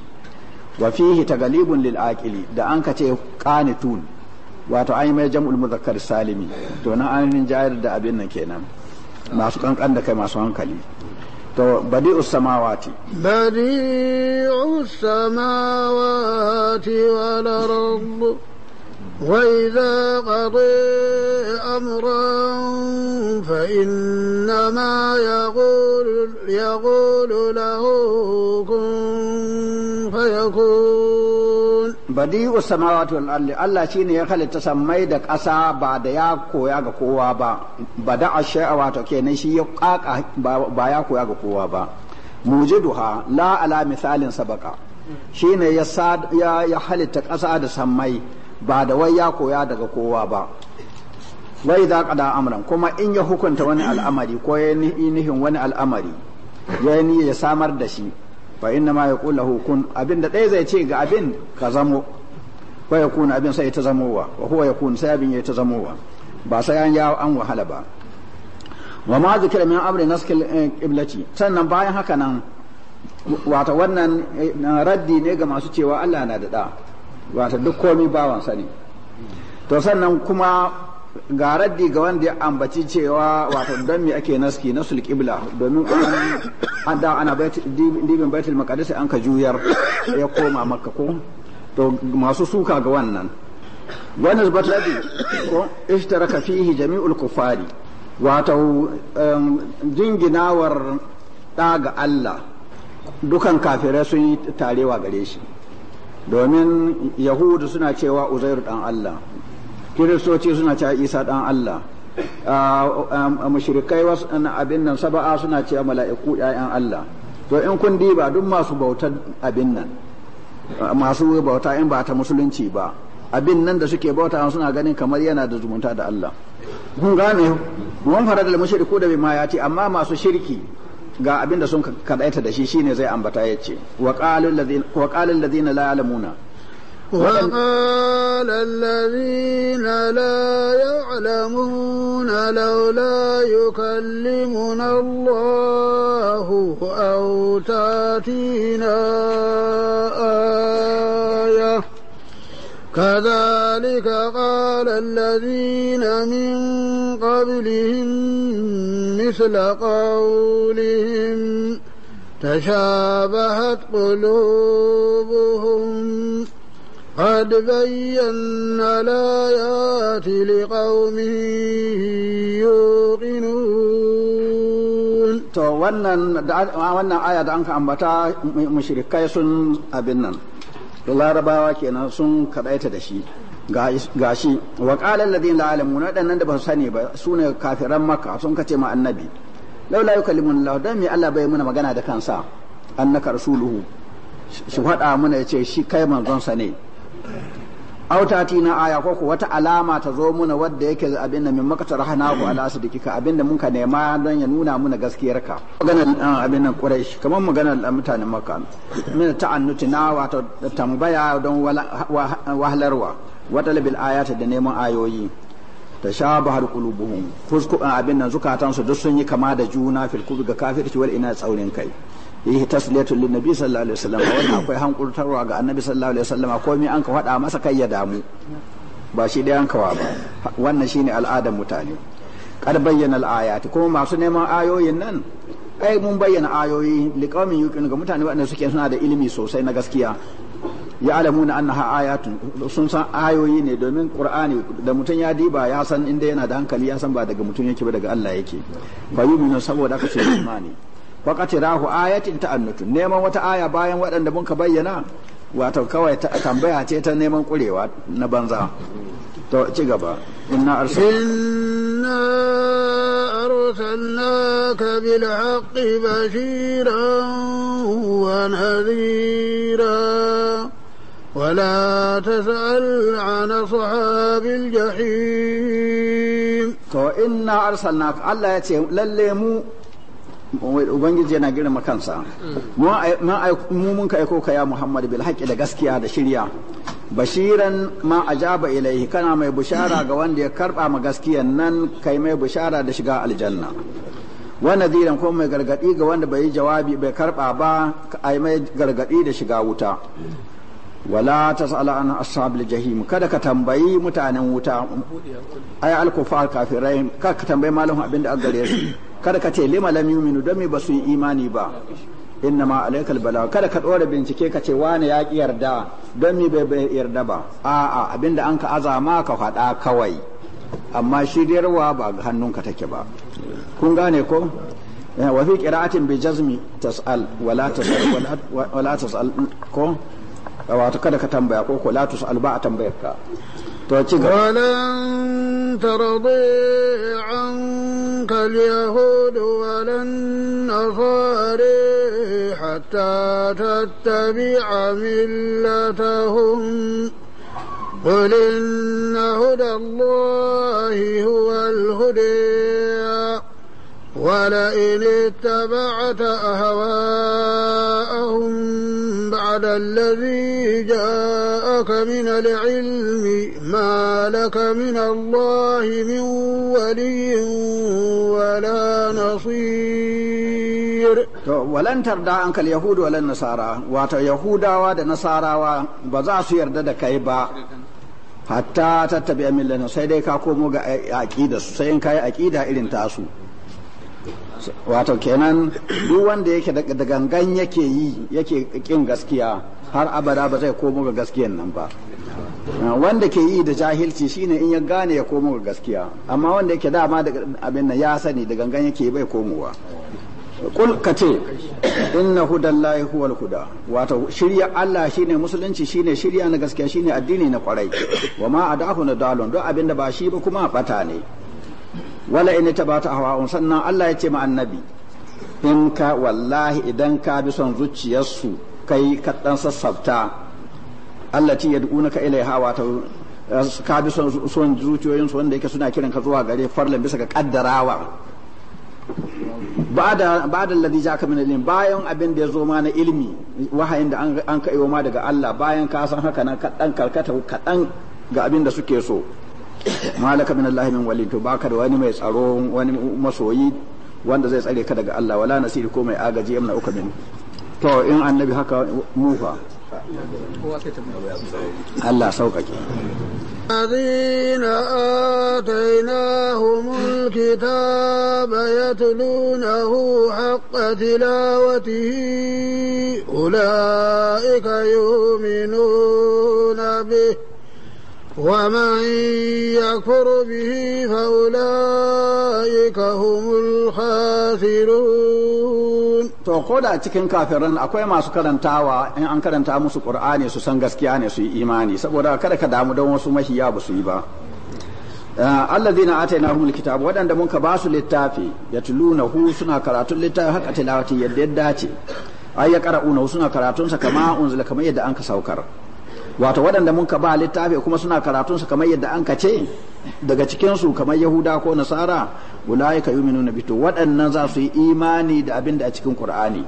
wa fihi tagalibun lil aqili da an ka ce qanitun wato an yi mai jam'ul muzakkar salimi to nan an yi jayar da abin nan kenan masu kankan da kai masu hankali to wal ardh وإذا قضي أمرا فإنما يقول, يقول له كن فيكون بديع السماوات والأرض الله شين يخلي تسمي دك أسا بعد ياكو كويا كوا با بدع الشيء واتوكي نشي يقاك با ياكو كويا كوا با موجدها لا على مثال سبق شيء يساد يا يحلي تك أسا دسمي ba da wai ya koya daga kowa ba wai za ka da amuran kuma in ya hukunta wani al'amari ko ya nihin wani al'amari ya yi ya samar da shi fa inna ma ya kula hukun abin da ɗaya zai ce ga abin ka zamo ko ya kuna abin sai ta zamowa wa huwa ya kuna sai abin ya ta zamowa ba sai an yawo an wahala ba wa ma zikira min amri naskil qiblati sannan bayan haka nan wata wannan eh, raddi ne ga masu cewa Allah na da da wata duk komi bawan sani to sannan kuma ga raddi ga wanda ya ambaci cewa wato don me ake naski na sulqibla domin an da ana dibin baitul maqdis an ka juyar ya koma makka ko to masu suka ga wannan wannan batradi ko ishtaraka fihi jami'ul kufari Wata um, jinginawar ɗa Allah dukan kafirai sun yi tarewa gare shi domin yahudu suna cewa uzairu dan Allah kiristoci suna cewa isa dan Allah ah, ah, ah, mashirikai wasu abin nan saba'a suna cewa mala'iku ya'yan Allah to in kun diba duk masu bautar abin nan masu bauta in ba ta musulunci ba abin nan da suke bauta suna ganin kamar yana da zumunta da Allah kun gane mun fara da mashirku da bima ce amma masu shirki ga abin da sun kadaita da shi shine zai ambata ya ce wa qalal ladina la ya'lamuna وقال الذين لا يعلمون لولا يكلمنا الله أو تاتينا آية كذلك قال الذين من قبلهم مثل قولهم تشابهت قلوبهم قد بينا الآيات لقوم يوقنون to wannan aya da anka ambata mushrikai sun abin nan larabawa kenan sun kadaita da shi ga shi wa qala alladhina la ya'lamuna da ba su sani ba su ne kafiran maka sun kace ma annabi laula yi Allah don mai Allah bai muna magana da kansa annaka rasuluhu shi faɗa ya ce shi kai manzon sa ne autati na aya ko wata alama ta zo muna wadda yake abin da min maka tarhana ku ala sadikika abin da ka nema don ya nuna muna gaskiyar ka maganar abin nan quraish kamar maganar mutanen makka min ta'annuti na wato tambaya don wahalarwa wa talabil ayati da neman ayoyi Ta sha bahar qulubuhum fuskuban abin nan zukatansu su duk sun yi kama da juna fil kubi ga kafirci wal ina tsaurin kai yi tasliyatul lin nabi sallallahu alaihi wasallam wannan akwai hankurtarwa ga annabi sallallahu alaihi wasallam mi an ka faɗa masa kai ya damu ba shi dai an kawa ba wannan shine al'adar mutane kar bayyana al'ayati kuma masu neman ayoyin nan ai mun bayyana ayoyi liqaumin yuqin ga mutane waɗanda suke suna da ilimi sosai na gaskiya ya'lamuna annaha ayatun sun san ayoyi ne domin qur'ani da mutum ya diba ya san inda yana da hankali ya san ba daga mutum yake ba daga Allah yake fa yu'minu saboda ka sai imani waqati rahu ayatin ta'annutun neman wata aya bayan waɗanda mun ka bayyana wato kawai tambaya ce ta neman kurewa na banza to ci gaba inna arsalnaka bil haqqi ولا تسأل عن صحاب الجحيم to inna arsalna Allah ya ce lalle mu ubangiji yana girma kansa mu mun ka aiko ka ya Muhammad bil haqqi da gaskiya da shirya bashiran ma ajaba ilaihi kana mai bushara ga wanda ya karba ma gaskiyan nan kai mai bushara da shiga aljanna wa nadiran ko mai gargadi ga wanda bai jawabi bai karba ba ai mai gargadi da shiga wuta wala tas'ala an ashabil jahim kada ka tambayi mutanen wuta ay al kufar kafirai kada ka tambayi malamin abin da gare su kada ka ce lima lam yu'minu don me basu yi imani ba inna ma alaikal bala kada ka dora bincike ka ce wani ya ki yarda don me bai yarda ba a'a abinda an ka azama ka faɗa kawai amma shiryarwa ba hannunka take ba kun gane ko eh, wa fi ko wato kada ka tambaya ko ko la tus'al a tambayar ka to ci gaba walan tardi an kal yahud walan nasari hatta tattabi'a millatahum قل إن هدى الله هو الهدي ولئن اتبعت أهواءهم بعد الذي جاءك من العلم ما لك من الله من ولي ولا نصير ولن ترضى عنك اليهود ولا النصارى واتو يهودا ودا نصارى وبزع سير دا كيبا حتى تتبع ملنا سيدي كاكو موغا عقيدة سيدي كاي عقيدة إلين تاسو wato kenan duk wanda yake da gangan yake yi yake kin gaskiya har abada ba zai komo ga gaskiyan nan ba ah, wanda ke yi da jahilci shine in ya gane ya komo ga gaskiya amma wanda yake dama da abin nan ya sani da gangan yake bai komowa kul kace inna hudallahi huwal huda wato shirya Allah shine musulunci shine shirya na gaskiya shine addini na kwarai wa ma adahu na dalon don abin da ba shi ba kuma bata ne wala in tabata hawa'un sannan Allah ya ce ma annabi in ka wallahi idan ka bi son zuciyarsu kai ka dan sassafta allati ilai hawa ta ka bi son son zuciyoyinsu wanda yake suna kiran ka zuwa gare farlan bisa ga kaddarawa ba'da ba'da alladhi ja'aka min ilmi bayan abin da ya zo na ilimi wahayin da an ka ma daga Allah bayan ka san haka nan ka dan karkata ka dan ga abin da suke so malaka min Allah min wali to baka da wani mai tsaro wani masoyi wanda zai tsare ka daga Allah wala nasiri ko mai agaji yamna uka min to in annabi haka mufa Allah sauƙaƙe الذين آتيناهم الكتاب يتلونه حق تلاوته أولئك يؤمنون به ومن يكفر به فأولئك هم الخاسرون to ko da cikin kafiran akwai masu karantawa in an karanta musu qur'ani su san gaskiya ne su yi imani saboda kada ka damu don wasu mahiya ba su yi ba eh, alladhina atainahumul kitab waɗanda mun ka ba su littafi yatlunahu suna karatun littafi haka tilawati yadda ya dace ay yaqra'unahu suna kama unzila kama yadda an ka saukar wato waɗanda mun ka ba littafi kuma suna karatun su kamar yadda an ka ce daga cikin su kamar yahuda ko nasara ka yuminu na bito waɗannan za su yi imani da abin da a cikin qur'ani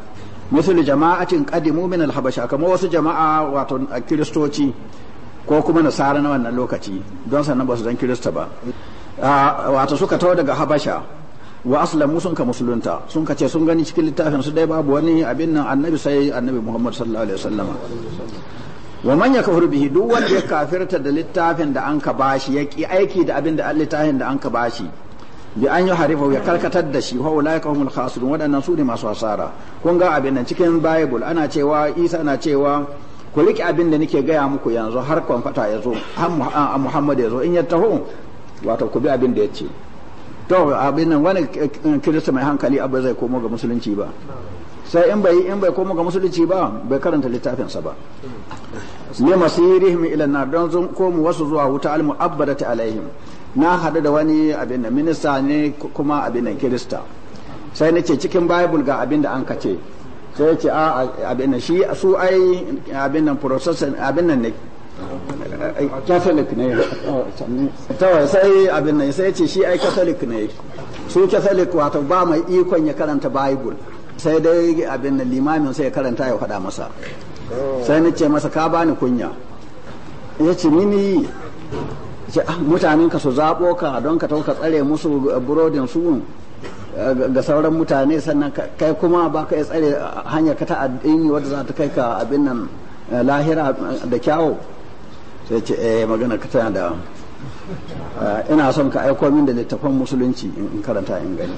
misali jama'atin qadimu min al-habasha kamar wasu jama'a wato kiristoci ko kuma nasara na wannan lokaci don sannan ba su dan kirista ba wato suka tawo daga habasha wa aslamu sun ka musulunta sun ka ce sun gani cikin littafin su dai babu wani abin nan annabi sai annabi muhammad sallallahu alaihi wasallama wa man yakfur bihi duk wanda ya kafirta da littafin da an ka bashi ya ki aiki da abin da littafin da an ka bashi bi an yi harifa ya karkatar da shi wa ulaika humul khasirun waɗannan su ne masu hasara kun ga abin nan cikin bible ana cewa isa ana cewa ku riƙe abin da nake gaya muku yanzu har kwamfata ya zo a muhammad ya zo in ya taho wato ku bi abin da ya ce to abin nan wani kirista mai hankali abu zai komo ga musulunci ba sai in bai in bai koma ga musulunci ba bai karanta littafinsa ba li masirihim ila nar don ko komu wasu zuwa wuta al mu'abbadati alaihim na hadu da wani abin da minista ne kuma abin da kirista sai nace cikin bible ga abin da an kace sai ce a abin da shi su ai abin nan processing abin nan ne catholic ne tawai sai abin nan sai ce shi ai catholic ne su catholic wato ba mai ikon ya karanta bible sai dai abin da limamin sai karanta ya faɗa masa sai na ce masa ka bani kunya ya ce mini ce ah, mutanen ka su zaɓo ka don ka ka tsare musu burodin su eh, ga sauran mutane sannan kai kuma ba ka tsare hanyar ka ta wadda za ta kai ka abin nan eh, lahira eh, da kyawo sai ce eh magana ka tana da ina son ka aiko min da littafan musulunci in karanta in gani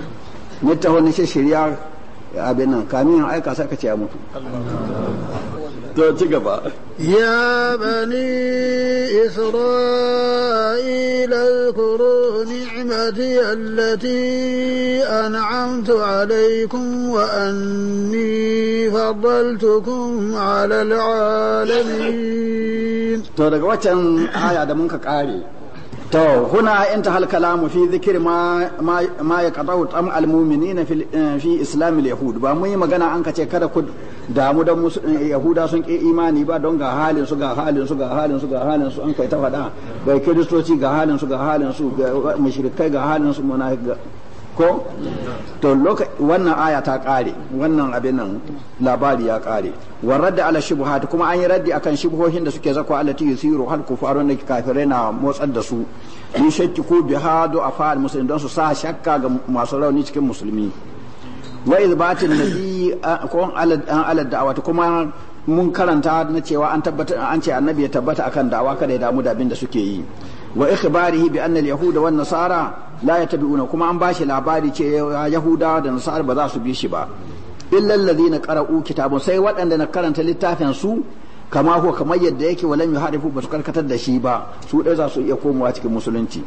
littafan na shirya abin nan kamin ya aika sai ka ce ya mutu to ci gaba ya bani isra'ila zkuru ni'mati allati an'amtu alaykum wa anni faddaltukum 'ala to daga wacan aya da mun ka kare to huna inta hal kalamu fi zikir ma ma ya kadau tam al mu'minina fi eh, fi islam al yahud ba mun yi magana an kace kada ku damu da eh, yahuda sun ki imani ba don ga halin su ga halin su ga halin su ga halin su an kai ta faɗa ga kiristoci ga halin su ga halin su ga mushrikai ga halin su munafiqai ko to wannan aya ta kare wannan abin nan labari ya kare wa radda ala shubuhat kuma an yi raddi akan shubuhohin da suke zakwa allati yusiru hal kufaru na kafirai na motsar da su ni shakki bi hadu afal muslimin don su sa shakka ga masu rauni cikin musulmi wa izbatin nabi ko ala da'awati kuma mun karanta na cewa an tabbata an ce annabi ya tabbata akan da'awa kada ya damu da abin da suke yi wa ikhbarihi bi anna al-yahud wa an-nasara la yatabi'una kuma an bashi labari ce Yahuda da nasara ba za su bi shi ba illa alladhina qara'u kitabun sai waɗanda na karanta littafin su kama ko kamar yadda yake walam yuharifu ba su karkatar da shi ba su dai za su iya komawa cikin musulunci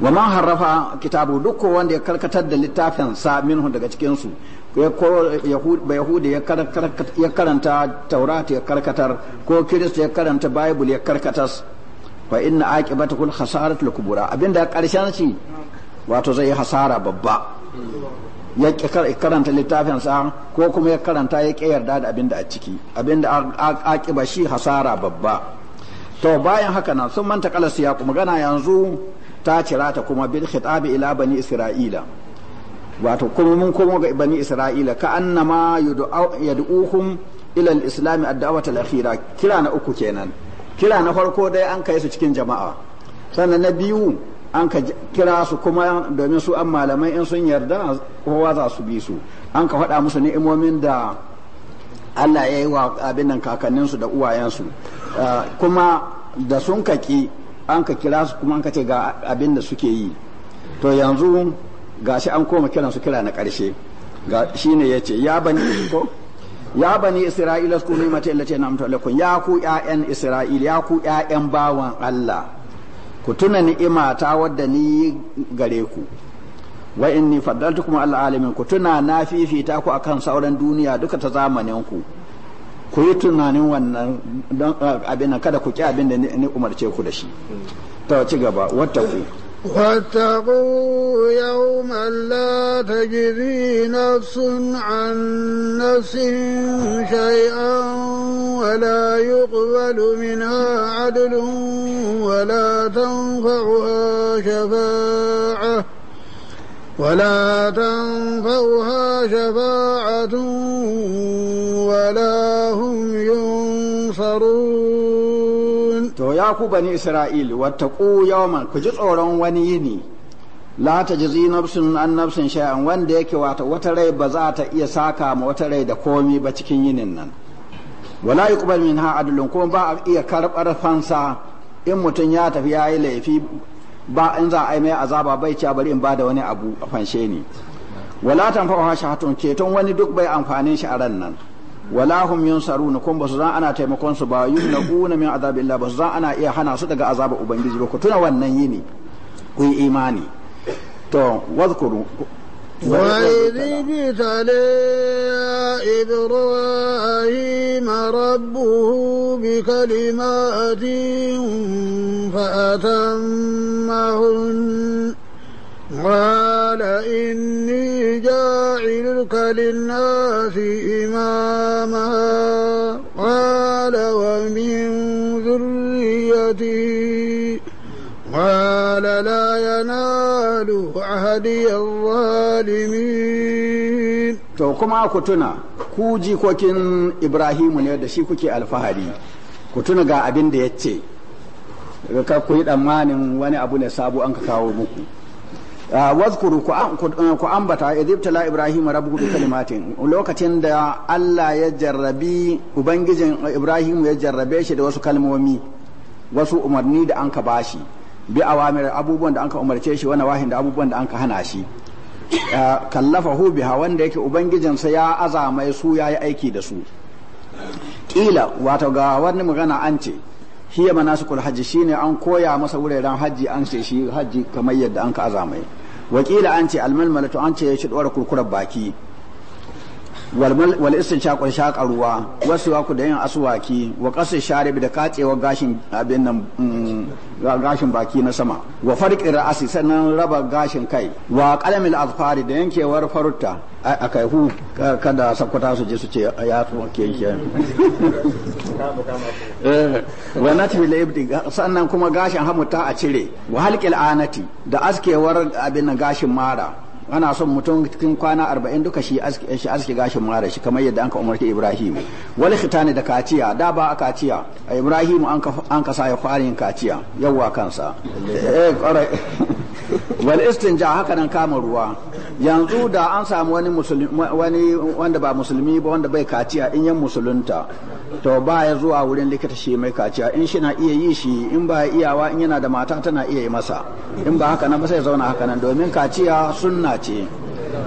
wa man harrafa kitabu duk wanda ya karkatar da littafin sa minhu daga cikin su ba yahudi ya karanta taurata ya karkatar ko kirista ya karanta bible ya karkatar. fa inna aqibatakul khasaratul kubura abinda karshen shi wato zai yi hasara babba ya karanta littafin sa ko kuma ya karanta ya ƙi yarda da abinda a ciki abinda aqiba shi hasara babba to bayan haka nan sun manta kala siyaqu magana yanzu ta cira ta kuma bil khitabi ila bani isra'ila wato kuma mun komo ga bani isra'ila ka annama yadu'uhum ila al-islam ad al-akhira kira na uku kenan kira na farko dai an kai su cikin jama'a sannan na biyu an ka kira su kuma domin su an malamai in sun yarda kowa za su bi su an ka faɗa musu ni'imomin da Allah ya yi wa abin nan kakanninsu da uwayensu ah, kuma da sun kaki an ka kira su kuma an ka ce ga abin da suke yi to yanzu gashi an koma kiransu kira na ƙarshe ga shine yace ya bani ko ya bani isra'ila ku ne mata illata na ya ku ƴaƴan isra'il ya ku ƴaƴan bawan allah ku tuna ni'ima ta wadda ni gare ku wa inni faddaltukum ala alamin ku tuna na fifita ku akan sauran duniya duka ta zamanin ku ku yi tunanin wannan don eh, abin kada ku ki abin da ni umarce ku da shi ta ci gaba wata ku واتقوا يوما لا تجزي نفس عن نفس شيئا ولا يقبل منها عدل ولا تنفعها شفاعة ولا تنفعها شفاعة ولا هم ينصرون ya ku bani isra'il ku yawman ku ji tsoron wani yini la ji nafsun an nafsin shay'an wanda yake wata wata rai ba za ta iya saka ma wata rai da komi ba cikin yinin nan wala yuqbal minha adlun kuma ba a iya karbar fansa in mutum ya tafi ya yi laifi ba in za a yi mai azaba bai ci bari in bada wani abu a fanshe ni wala wa shahatun ceton wani duk bai amfanin shi a ran nan wala hum yunsaruna kun su zan ana taimakon su ba kuna min azabi illa su zan ana iya hana su daga azaba ubangiji ba ku tuna wannan yini ku yi imani to wadhkuru وإذ ابتلى إبراهيم ربه بكلمات فأتمهن قال إني جاعلك للناس إماما قال ومن ذريتي قال لا ينال عهدي الظالمين to kuma ku tuna ku jikokin Ibrahimu ne da shi kuke alfahari ku tuna ga abin da ya ce ka ku yi tsammanin wani abu ne sabo an ka kawo muku Ah, wazkuru ku eh, ambata idibtala ibrahim rabbuhu bi kalimatin lokacin da Allah ya jarrabi ubangijin eh, ibrahim ya jarrabe shi da wasu kalmomi wasu umarni da anka bashi bi awamir abubuwan da anka umarce shi wani wahin da abubuwan da anka hana shi ah, kallafahu biha wanda yake ubangijinsa ya azama su ya yi aiki da su kila wato ga wani magana an ce hiya manasikul hajji shine an koya masa wuraren hajji an ce shi hajji kamar yadda an ka azamai wakila an ce almalmalatu an ce ya shi dora kurkurar baki wal istinshaqu ruwa wasu ku da yin asuwaki wa ƙasar sharib da katsewa gashin abin nan mm, gashin baki na sama wa farƙin ra'asi sannan raba gashin kai wa ƙalamin azfari da yankewar farutta a kaihu kada sakwata su je su ce ya fi *laughs* eh, wa natfi ibdi sannan kuma gashin hamuta a cire wa halƙil anati da askewar abin gashin mara ana son mutum cikin kwana arba'in duka shi aski gashin mara shi kamar yadda anka umarci ibrahim wani khitani da kaciya da ba a kaciya a ibrahim an ka sa ya kwarin kaciya yawwa kansa eh, wal istinja haka nan kama ruwa yanzu da an samu wani wanda ba musulmi ba wanda bai kaciya in yan musulunta to ba ya zuwa wurin likita shi mai kaciya in shi na iya yi shi in ba ya iyawa in yana da mata tana iya yi masa in ba haka nan ba sai zauna haka nan domin kaciya sunna ce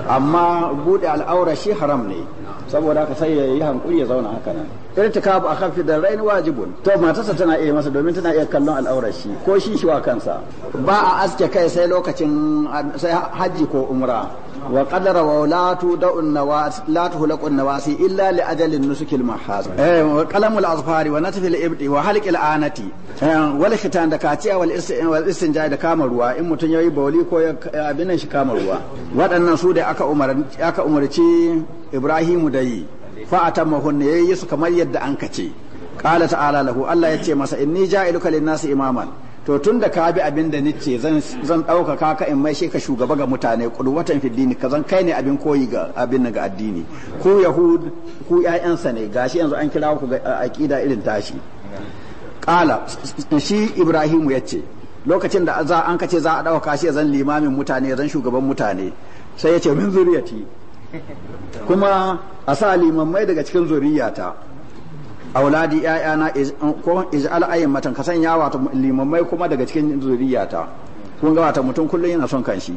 amma bude al'aura shi haram ne saboda haka sai ya yi hankuri ya zauna haka nan irtikabu da rain wajibun to matarsa tana iya masa domin tana iya kallon al'aurashi ko shi shi wa kansa ba a aske kai sai lokacin sai hajji ko umra wa qadara wa latu tud'un nawas la tuhlaqun nawasi illa li ajalin nusukil mahaz eh wa qalamul azfari wa natfil ibdi wa halqil anati eh, wal khitan da kaciya wal wal istinja da kama ruwa in mutun yayi bawli ko abinan shi kama ruwa waɗannan su da aka umar aka umarci Ibrahimu da fa ya yi su kamar yadda an kace qala ta'ala lahu Allah yace masa in ja ja'iluka lin-nasi imaman to tun da ka bi abin da nice zan zan ɗaukaka ka in mai ka shugaba ga mutane qudwatan fi dini ka zan kai ne abin koyi ga abin ga addini ku yahud ku ƴaƴansa ne gashi yanzu an kira ku ga aqida irin tashi ƙala shi ibrahim ce. lokacin da za an kace za a ɗauka shi zan limamin mutane zan shugaban mutane sai yace min zuriyati kuma a sa limammai daga cikin zuriyata auladi ƴaƴana ko ij'al matan ka sanya wato limammai kuma daga cikin zuriyata kun ga wata mutum kullum yana son kanshi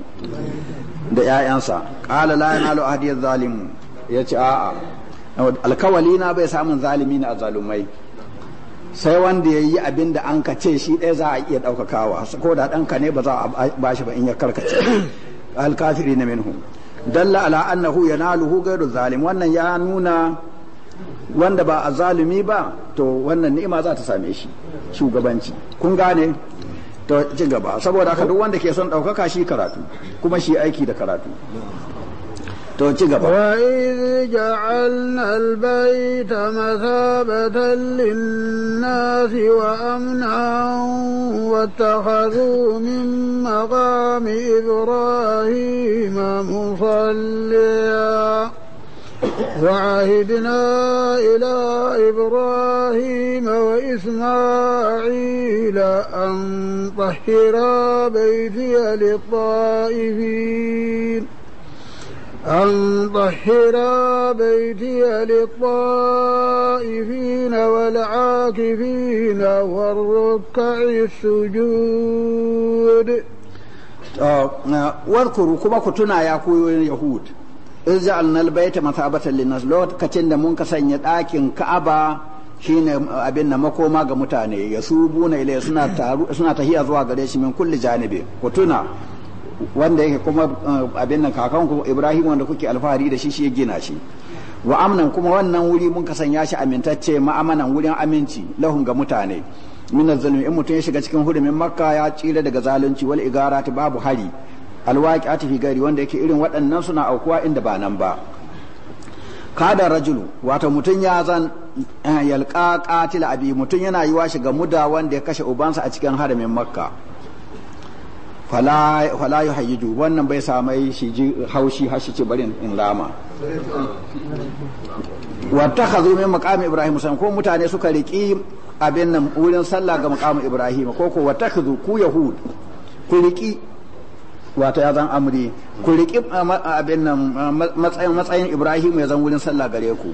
da ƴaƴansa qala la yanalu ahdi zalimu yace a'a alkawali na bai samun zalimi na azalumai sai wanda ya yi abin da an kace shi ɗaya za a iya ɗaukakawa ko da ɗanka ne ba za a bashi ba in ya karkace alkafiri na minhu dalla ala annahu yanaluhu ghairu zalim wannan ya nuna wanda ba a zalimi ba to wannan ni'ima za ta same shi shugabanci kun gane to ci gaba saboda haka duk wanda ke son ɗaukaka shi karatu kuma shi aiki da karatu وإذ جعلنا البيت مثابة للناس وأمنا واتخذوا من مقام إبراهيم مصليا وعهدنا إلى إبراهيم وإسماعيل أن طهرا بيتي للطائفين أن طهر بيتي للطائفين والعاكفين والركع السجود warkuru kuma ya koyoyin yahud in ja'alna albayta lokacin da mun ka sanya ɗakin ka'aba shine abin na makoma ga mutane yasubuna ilay suna tahiya zuwa gare shi min wanda yake kuma eh, abin nan kakanku Ibrahim wanda kuke alfahari da shi shi ya gina shi wa amnan kuma wannan wuri mun ka sanya shi amintacce amanan wurin aminci lahun ga mutane min zalimi in mutum ya shiga cikin hurumin makka ya tsira daga zalunci wal igarati babu hari alwaqi'ati fi gari wanda yake irin waɗannan suna aukuwa inda ba nan ba kada rajulu wato mutum ya zan eh, yalka katila abi mutum yana yiwa shiga muda wanda ya kashe ubansa a cikin haramin makka fala ya hayyiju wannan bai samai shi ji haushi har shi ce bari in lama. wata ka min makamin ibrahim musamman ko mutane suka riƙi abin nan wurin sallah ga makamin ibrahim ko ko wata ka ku yahud ku riƙi wata ya zan amri ku riƙi eh, abin nan eh, matsayin matsayin ibrahim ya zan wurin sallah gare ku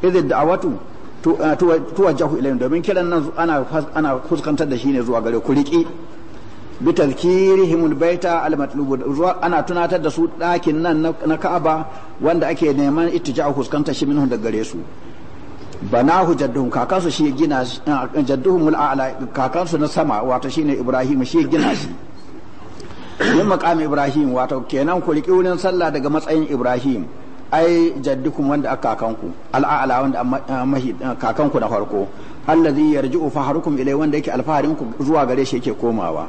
da awatu eh, tuwa jahu ilayhim domin kiran nan ana ana fuskantar da shi ne zuwa gare ku riƙi bitalkirihimul baita albayta almatlub ana tunatar da su dakin nan na Ka'aba wanda ake neman ittija'u huskanta shi minhu da gare su banahu jadduhum kakansu shi gina jadduhumul ala kakansu na sama wato shine Ibrahim shi gina shi yin maqami Ibrahim wato kenan ku riki wurin sallah daga matsayin Ibrahim ai jaddukum wanda aka kakanku al'ala wanda mahi kakanku na farko allazi yarji'u faharukum ilai wanda yake alfaharinku zuwa gare shi yake komawa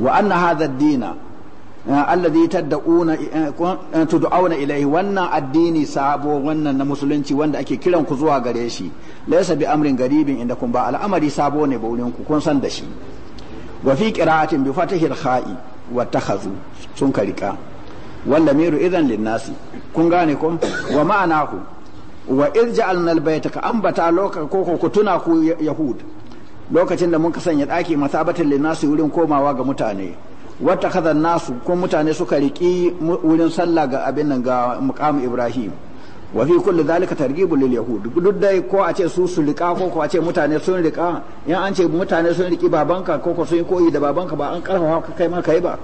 wa anna hadha ad-din eh, alladhi tad'una eh, tud'auna ilayhi wannan addini sabo wannan na musulunci wanda ake kiran ku zuwa gare shi laysa bi amrin garibin inda kun ba al'amari sabo ne ba wurin ku kun san da shi wa fi qira'atin bi fatihi khai wa takhazu sun karika wanda miru idan linnasi kun gane kun wa ma'anahu wa irja'alna al-bayta ka ambata lokal ko ku tuna ku yahud lokacin da muka sanya ɗaki masabatan linasi wurin komawa ga mutane wata kaza nasu ko mutane suka riki wurin sallah ga abin nan ga muqamu ibrahim wa fi kulli zalika targhibu lil yahud duk dai ko a ce su su riƙa ko ko a ce mutane sun riƙa in an ce mutane sun riƙi babanka ko ko sun koyi da babanka ba an karfafa ka kai ma kai ba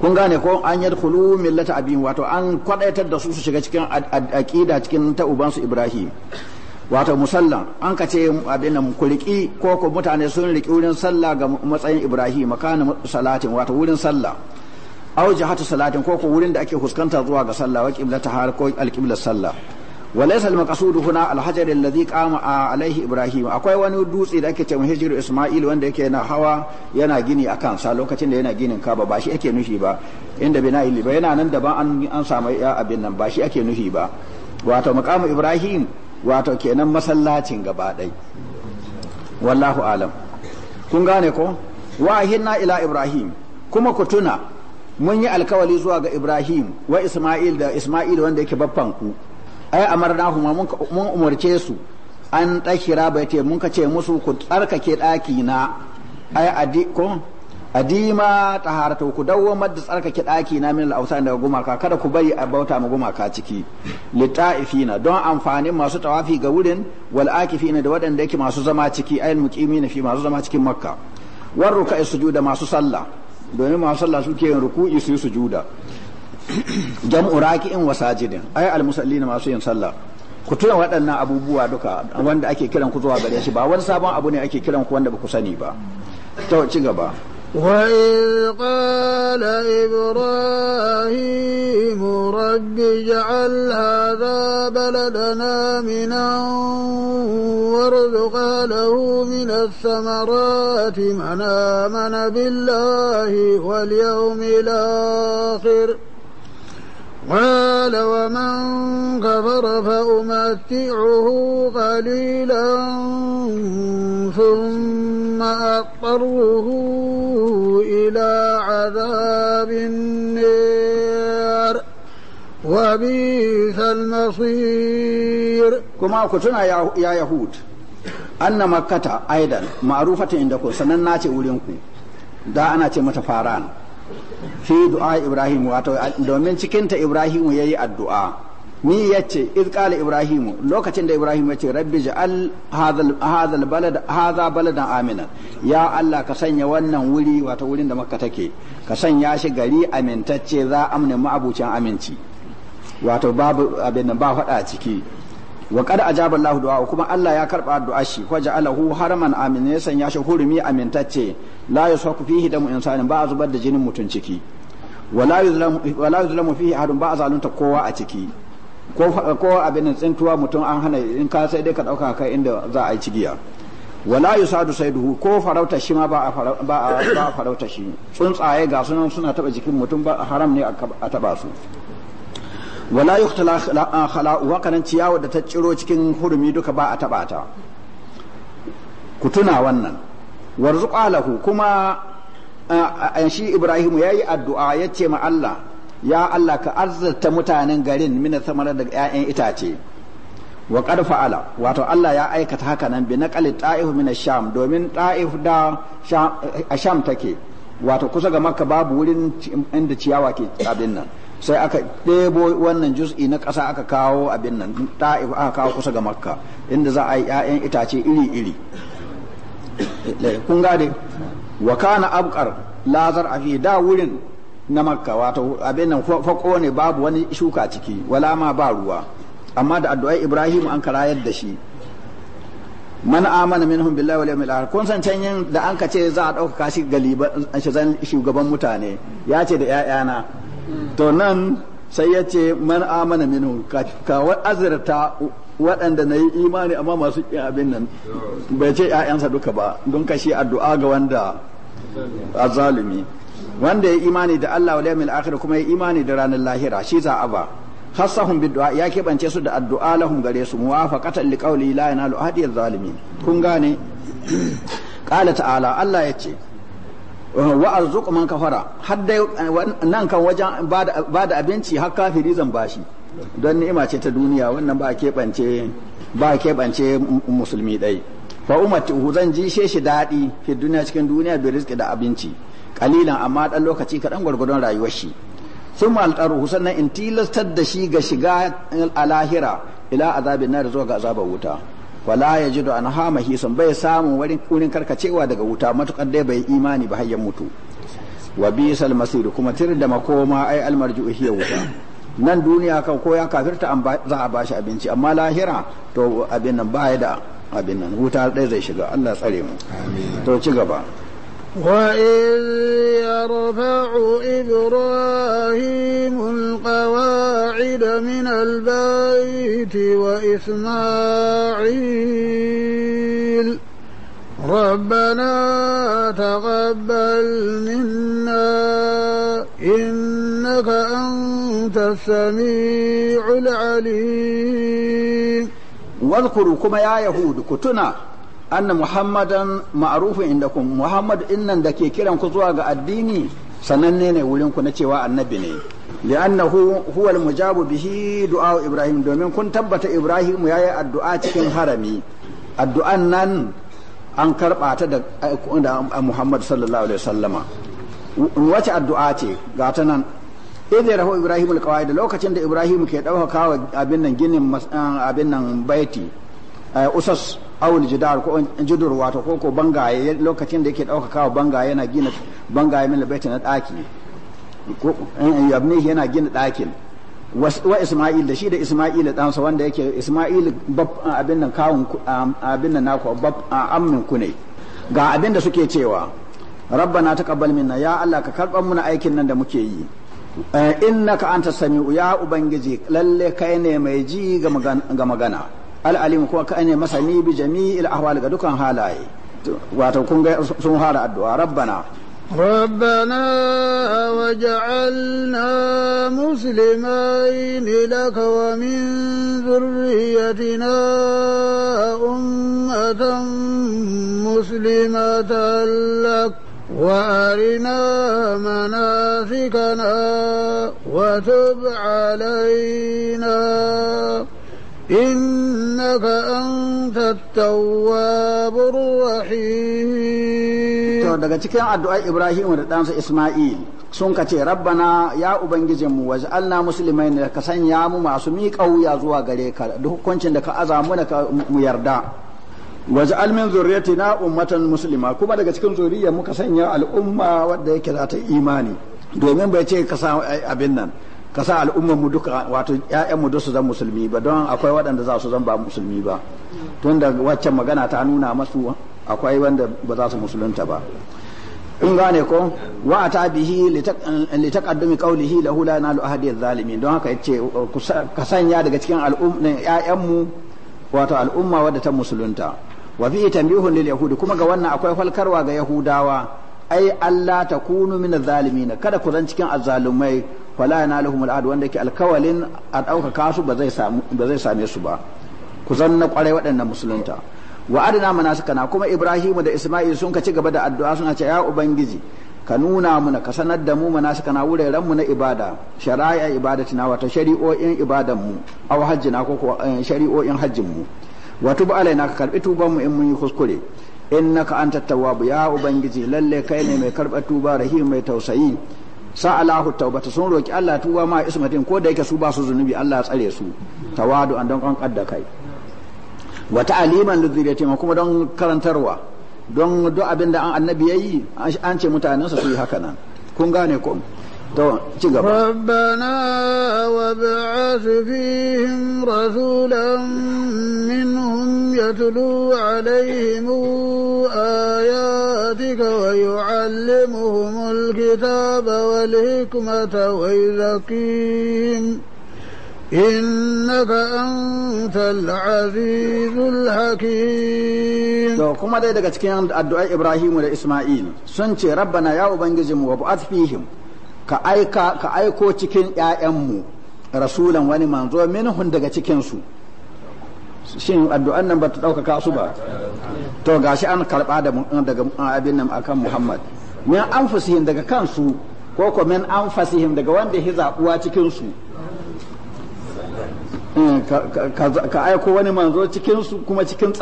kun gane ko an yadkhulu millata abin wato an kwadaitar da su su shiga cikin aqida cikin ta ubansu ibrahim wato musalla an ka ce abin nan ku riki ko ku mutane sun riki wurin sallah ga matsayin ibrahim makana salatin wato wurin sallah aw jihatu salatin ko ku wurin da ake fuskanta zuwa ga sallah wa qiblata har ko alqiblat sallah wa laysa al huna al-hajar alladhi qama alayhi ibrahim akwai wani dutse da ake cewa hijru isma'il wanda yake na hawa yana gini akan sa lokacin da yana ginin kaba ba shi ake nufi ba inda bina'il ba yana nan daban an an samu ya abin nan ba shi ake nufi ba wato maqamu ibrahim wato kenan masallacin gaba ɗai wallahu alam kun gane ko hinna ila ibrahim kuma ku tuna mun yi alkawali zuwa ga ibrahim wa isma'il da isma'il wanda yake babban ku ai amarnahu mun umarce su an tsakira bai ce mun ka ce musu ku tsarkake ɗaki na ai adi ko adima harata ku dawo da tsarkake daki na min al daga gumaka kada ku bari a bauta ma gumaka ciki ta'ifina don amfanin masu tawafi ga wurin wal akifina da waɗanda yake masu zama ciki ayil muqimina fi masu zama cikin makka war ruka sujuda masu sallah domin masu sallah suke yin ruku'i su yi sujuda jam'u raki'in wa sajidin ay al-musallina masu yin sallah ku tuna waɗannan abubuwa duka wanda ake kiran ku zuwa gare shi ba wani sabon abu ne ake kiran ku wanda ba ku sani ba to ci gaba وإذ قال إبراهيم رب اجعل هذا بلدنا منا وارزق له من الثمرات من آمن بالله واليوم الآخر ۖ قال ومن كفر فأمتعه قليلا ثم أضطره إلى عذاب النار وبئس المصير كما كتنا يا يهود أن مكة أيضا معروفة عندكم سننا أولينكم da ana ce fi du'a ibrahim wato domin cikin ta ibrahim yi addu'a ni yace iz qala ibrahim lokacin da ibrahim ya ce rabbi ja'al hadhal balad hadha baladan aminan ya allah ka sanya wannan wuri wato wurin da makka take ka sanya shi gari amintacce za amne ma'abucin aminci wato babu abin ba faɗa ciki wa qad ajaba Allah du'a kuma Allah ya karba addu'a shi wa ja'alahu haraman amin ya sanya shi hurumi amintacce la yasfaku fihi damu insani ba zubar da jinin mutun ciki wala yuzlamu wala yuzlamu fihi ahadun ba zalunta kowa a ciki ko ko abin tsintuwa mutum an hana in ka sai dai ka dauka kai inda za a yi cigiya wala yusadu saiduhu ko farauta shi ma ba a farauta shi tsuntsaye ga sunan suna taba jikin mutum ba haram ne a taba su wala yuqtala khala wa kanan ciyawa da ta ciro cikin hurumi duka ba a taba ta ku tuna wannan warzuqalahu kuma kuma shi Ibrahim yayi addu'a yace ma Allah ya Allah ka arzata mutanen garin mina samara daga 'ya'yan itace wa qad fa'ala wato Allah ya aikata haka nan bi naqal ta'if min sham domin ta'if da sham take wato kusa ga makka babu wurin inda ciyawa ke abin nan sai aka ɗebo wannan juz'i na ƙasa aka kawo abin nan ta'if aka kawo kusa ga makka inda za a yi 'ya'yan itace iri-iri kun gade wa kana abqar lazar afi da wurin na makka wato abin nan fako ne babu wani shuka ciki wala ma ba ruwa amma da addu'ai ibrahim an karayar da shi man amana minhum billahi wal yawmil akhir kun san can yin da an ka ce za a dauka shi galiban shugaban mutane ya ce da 'ya'yana to nan sai ya ce man amana ka azurta waɗanda na yi imani amma masu abin nan bai ce ‘ya'yansa duka ba don kashi addu'a ga wanda azalumi wanda ya imani da Allah wa lamil akhir kuma ya imani da ranar lahira shi za a ba hassahun bid'a ya kebance su da addu'a lahum gare su muwafaqatan liqawli la yanalu ahadiyaz zalimin kun gane qala ta'ala Allah ya ce wa kafara har dai eh, nan kan wajen ba da abinci har kafiri zan bashi don ni'ima ce ta duniya wannan ba keɓance ba keɓance musulmi ɗai fa umatu zan ji shi daɗi fi duniya cikin duniya bi rizqi da abinci kalilan amma dan lokaci kaɗan gwargwadon rayuwar shi sun maltaru sannan in tilastar da shi ga shiga eh, alahira ila azabin nar zuwa ga azabar wuta wala ya ji da hama hisan bai samun wurin wurin karkacewa daga wuta matukar dai bai imani ba hayyan mutu wa bisal masir kuma tir da makoma ai almarju hiya wuta nan duniya kan ko ya kafirta an za a bashi abinci amma lahira to abin nan baya da abin nan wuta dai zai shiga Allah tsare mu to ci gaba وإذ يرفع إبراهيم القواعد من البيت وإسماعيل ربنا تقبل منا إنك أنت السميع العليم واذكروا كما يا يهود كتنا anna muhammadan ma'rufun indakum muhammad innan da ke kiran ku zuwa ga addini sananne ne wurin ku na cewa annabi ne li'annahu huwa al-mujabu bihi du'a ibrahim domin kun tabbata ibrahim yayi addu'a cikin harami addu'an nan an karba ta da muhammad sallallahu alaihi wasallama wace addu'a ce ga ta nan idai rahu ibrahim al lokacin da ibrahim ke dauka abin nan ginin abin nan baiti Eh, usas awul jidar ko jidur wato ko ko bangaye lokacin da yake kawo bangaye yana gina bangaye min labaita na daki ko eh, yabnihi yana gina dakin wa Isma'il da shi da Isma'il sa wanda yake Isma'il bab eh, abin nan kawun abin nan bab ammin ku ne ga abin da suke cewa rabbana taqabbal minna ya Allah ka karban na aikin nan da muke yi innaka anta sami'u ya ubangiji lalle kai ne mai ji ga magana al'alim ko ka ne masani bi jami'il ahwal ga dukan halaye wato kun ga sun fara addu'a rabbana ربنا وجعلنا مسلمين لك ومن ذريتنا أمة مسلمة لك وأرنا مناسكنا وتب علينا إنك أنت التواب الرحيم to daga cikin addu'ar Ibrahim da ɗansa Isma'il sun ka ce rabbana ya mu waj'alna muslimain ka sanya mu masu miƙa ya zuwa gare ka da hukuncin da ka aza mu mu yarda waj'al min zurriyatina ummatan muslima kuma daga cikin zuriyar muka sanya al'umma wadda yake za ta imani domin bai ce ka sa eh, abin nan ka sa al'ummar mu duka wato ƴaƴan mu su zan musulmi ba don akwai waɗanda za su zan ba musulmi ba tun da waccan magana ta nuna masu akwai wanda ba za su musulunta ba in gane ko wa ta bihi li taqaddumi qawlihi lahu la nalu ahadi zalimin don haka yace ka sanya daga cikin al'umma ƴaƴan mu wato al'umma wadda ta musulunta wa fi tanbihun lil yahudi kuma ga wannan akwai falkarwa ga yahudawa ai Allah ta kunu min na kada ku zan cikin azzalumai fala yanalahum adu wanda ke alkawalin a ɗaukaka su ba zai same su ba ku na kwarai waɗannan musulunta wa adana manasikana kuma ibrahimu da isma'il sun ka ci gaba da addu'a suna ce ya ubangiji ka nuna muna ka sanar da mu manasikana wuraren mu na ibada shari'a ibadatina wata shari'o'in ibadan mu aw hajjina ko eh, shari'o'in hajjin mu wa tub alaina ka karbi tuban mu in mun yi kuskure innaka anta tawwabu ya ubangiji lalle kai ne mai karba tuba rahim mai tausayi sa Allahu taubata sun roki Allah tuba ma ismatin ko da yake su ba su zunubi Allah ya tsare su tawadu an don kan kadda kai wa ta'aliman lidhuriyati ma kuma don karantarwa don duk abin da an annabi yayi an ce mutanensa su yi haka nan kun gane ko to ci gaba rabbana wa ba'ath fihim rasulan minhum yatlu alaihim ayatika wa yu'allimuhum alkitaba wal hikmata wa yuzakkihim innaka antal azizul hakim to kuma dai daga cikin addu'ar ibrahim da Isma'il sun ce rabbana ya ubangijinmu wa bu'ath fihim ka aika ka aiko cikin ƴaƴanmu rasulan wani manzo minhun daga cikin su shin addu'an nan ba ta ɗaukaka su ba to gashi an karɓa daga abin nan akan muhammad min anfusihim daga kansu ko ko min anfasihim daga wanda ya zaɓuwa cikin su eh, ka aiko wani manzo cikin su kuma cikin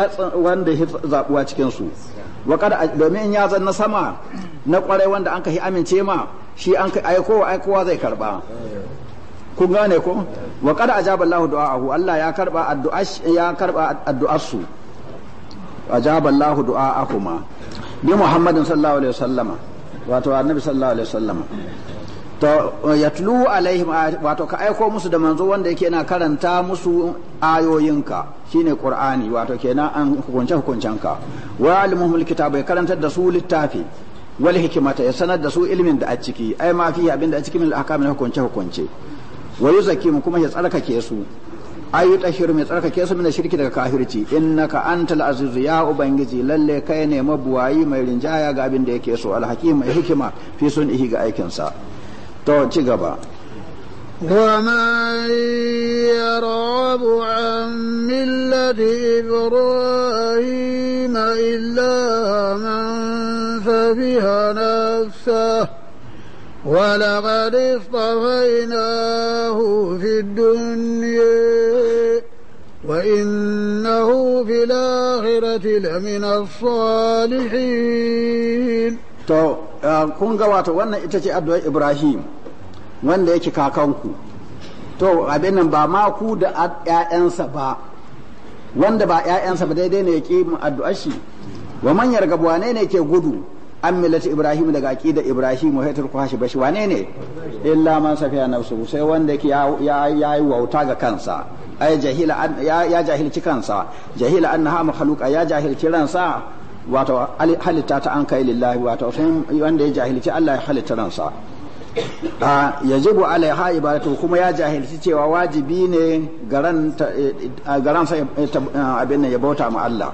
wanda ya zaɓuwa cikin su wa domin ya zanna na sama na kwarai wanda an ka amince ma shi an aiko aikowa zai karba ku gane ko wa kada ajaba Allahu du'aahu Allah ya karba addu'ash ya karba addu'arsu ajaba Allahu du'aahuma bi Muhammadin sallallahu alaihi wasallama wato annabi sallallahu alaihi wasallama to yatlu alaihim wato ka aiko musu da manzo wanda yake yana karanta musu ayoyinka shine qur'ani wato kenan an hukunce hukuncenka wa alimuhum kitabai ya karantar da su littafi wal hikimata ya sanar da su ilmin da a ciki ai ma fi da a cikin ahkamin hukunce hukunce wa mu kuma ya tsarkake su ayu tahir mai tsarkake su mina shirki daga kafirci innaka antal azizu ya ubangiji lalle kai ne mabuwayi mai rinjaya ga abin da yake so alhakim mai hikima fi sun ihi ga aikinsa to ci gaba ومن يرغب عن ملة إبراهيم إلا من فبها نفسه ولقد اصطفيناه في الدنيا وإنه في الآخرة لمن الصالحين to kun ga wato wannan ita ce addu'ar Ibrahim wanda yake kakanku to abin nan ba ma ku da ƴaƴansa ba wanda ba ƴaƴansa ba daidai ne ya ƙi addu'a shi wa man yargabu wane ne ke gudu an millati ibrahim daga aqida ibrahim wa haitar kwashi bashi wane ne illa man safiya nafsu sai wanda yake ya yi wauta ga kansa ay jahila ya jahilci kansa jahila annaha makhluqa ya jahilci ransa wato halitta ta an kai lillahi wato wanda ya jahilci Allah ya halitta ransa yajibu alaiha ibadatu kuma ya jahilci cewa wajibi ne garan eh, eh, eh, abin ya bauta ma Allah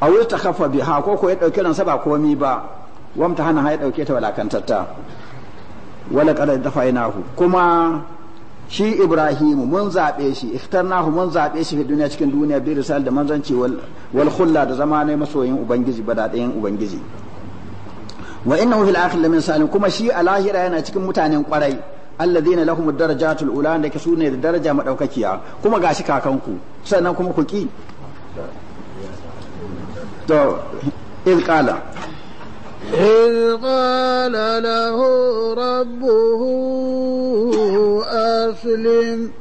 a wuri ta kafa bi ha koko ya dauke ransa ba komi ba wamta hana ya dauke ta walakantatta wala qad dafainahu kuma shi Ibrahimu mun zaɓe shi ikhtarnahu mun zaɓe shi fi duniya cikin duniya bi risal da manzanci wal khulla da zama ne masoyin ubangiji ba da ɗayan ubangiji wa innahu fil akhir lamin salim kuma shi a lahira yana cikin mutanen kwarai alladhina lahum ad-darajatul ula da ke sune da daraja madaukakiya kuma gashi kakanku sannan kuma ku ki to iz qala إذ قال له ربه أسلم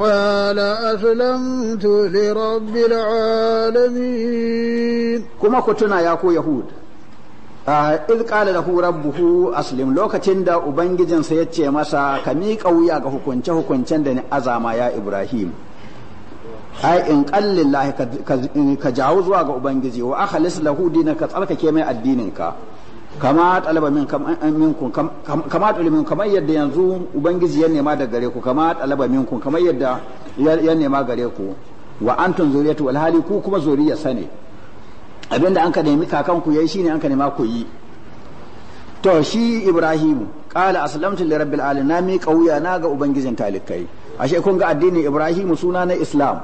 قال أسلمت لرب العالمين كما كنتنا يا يهود Ah, iz qala lahu rabbuhu aslim lokacin da ubangijinsa ya ce masa ka miƙa wuya ga hukunce hukuncen da ni azama ya ibrahim ai in qallillahi ka jawo zuwa ga ubangiji wa akhlis lahu dinaka tsarkake mai addinin ka kama talaba min eh, minkum kama talaba kamar yadda yanzu ubangiji ya nema da gare ku kama talaba minkum kamar yadda ya nema gare ku wa antum zuriyatu wal hali ku kuma zuriyarsa ne abinda an ka nemi kakanku yayi shine an ka nema ku yi to shi ibrahim qala aslamtu li rabbil alamin na mi kauya na ga ubangijin talikai ashe kun ga addini ibrahim suna na islam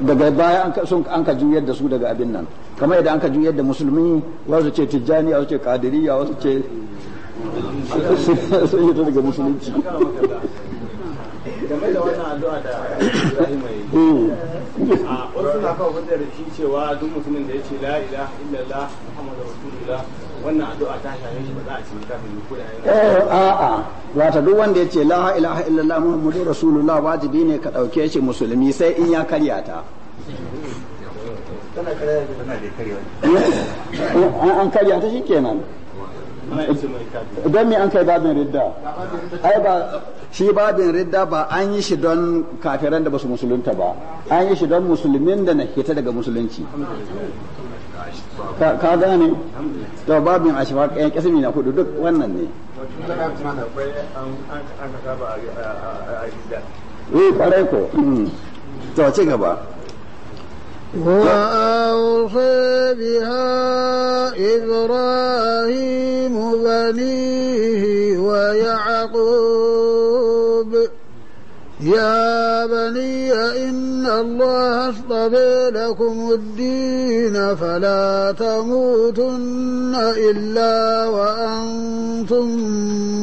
daga baya an ka sun an ka juyar da su daga abin nan kamar yadda an ka juyar da musulmi wasu ce tijjani wasu ce qadiriyya wasu ce *laughs* sun yi daga musulunci game da wannan addu'a da wasu na kawo wanda da shi cewa duk mutumin da ya ce la ilaha illallah muhammadu rasulullah wannan addu'a ta shafe shi ba za a ce kafin ko da eh a'a wata duk wanda ya ce la ilaha illallah muhammadu rasulullah wajibi ne ka dauke shi musulmi sai in ya karya ta an karya ta shikenan don me an kai babin ridda ai ba shi babin ridda ba an yi shi don kafiran da ba su musulunta ba an yi shi don musulmin da na hita daga musulunci ka gane to babin ashifa ɗayan ƙasami na hudu duk wannan ne eh kwarai ko hmm. to ci gaba وأوصى بها إبراهيم بنيه ويعقوب يا بني إن الله اصطفى لكم الدين فلا تموتن إلا وأنتم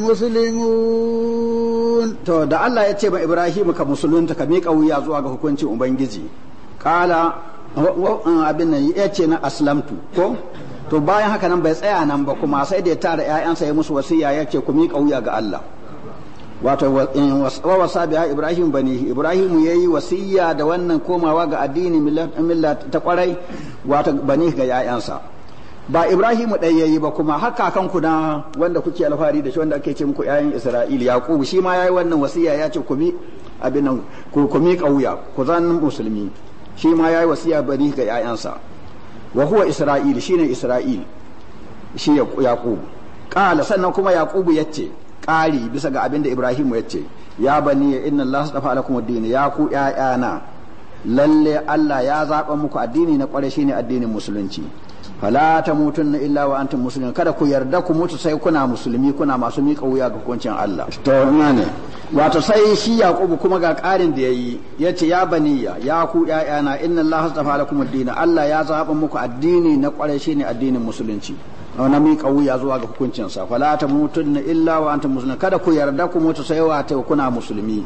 مسلمون to da Allah ya ce ma Ibrahim ka musulunta ka miƙa wuya zuwa Ah, abin ya ce na aslamtu ko to bayan haka nan bai tsaya nan ba kuma sai da ya tara ƴaƴansa ya musu wasiya ya ce ku miƙa wuya ga Allah wato wa sabi biya Ibrahim bani Ibrahim ya yi wasiya da wannan komawa ga addini milla ta kwarai wato bani ga ƴaƴansa ba Ibrahim ɗaya yayi ba kuma haka kan na wanda kuke alfahari da shi wanda ake ce muku yayan Isra'il Yaqub shi ma yi wannan wasiya ya ce ku mi abin nan ku miƙa wuya ku zan musulmi shi ma ya yi wasiya bari ga 'ya'yansa wa huwa isra'il shine isra'il shi yaqub qala sannan kuma yaqub yace ƙari bisa ga abinda da ibrahim yace ya bani inna allah astafa lakum ad-din ya ku 'ya'yana lalle Allah ya zaɓa muku addini na ƙware shine addinin musulunci fala ta mutun illa wa antum muslimin kada ku yarda ku mutu sai kuna musulmi kuna masu miƙa wuya ga hukuncin Allah to ina ne wato sai shi yaqubu kuma ga ƙarin da yayi yace ya baniya ya ku ƴaƴana inna Allah astafa lakum ad-din Allah ya zaba muku addini na shi ne addinin musulunci na miƙa wuya zuwa ga hukuncinsa fala ta mutun illa wa antum muslimin kada ku yarda ku mutu sai wa kuna musulmi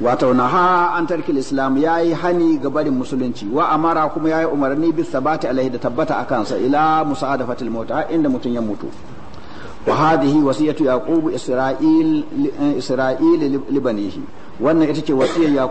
wato naha an tarki islam ya yi hani ga barin musulunci wa amara kuma ya yi umarni bis sabati alaihi da tabbata a kansa ila musa'adafatil mota inda mutum ya mutu wa hadhihi wasiyatu yaqub isra'il isra'il libanihi wannan ita ce wasiyar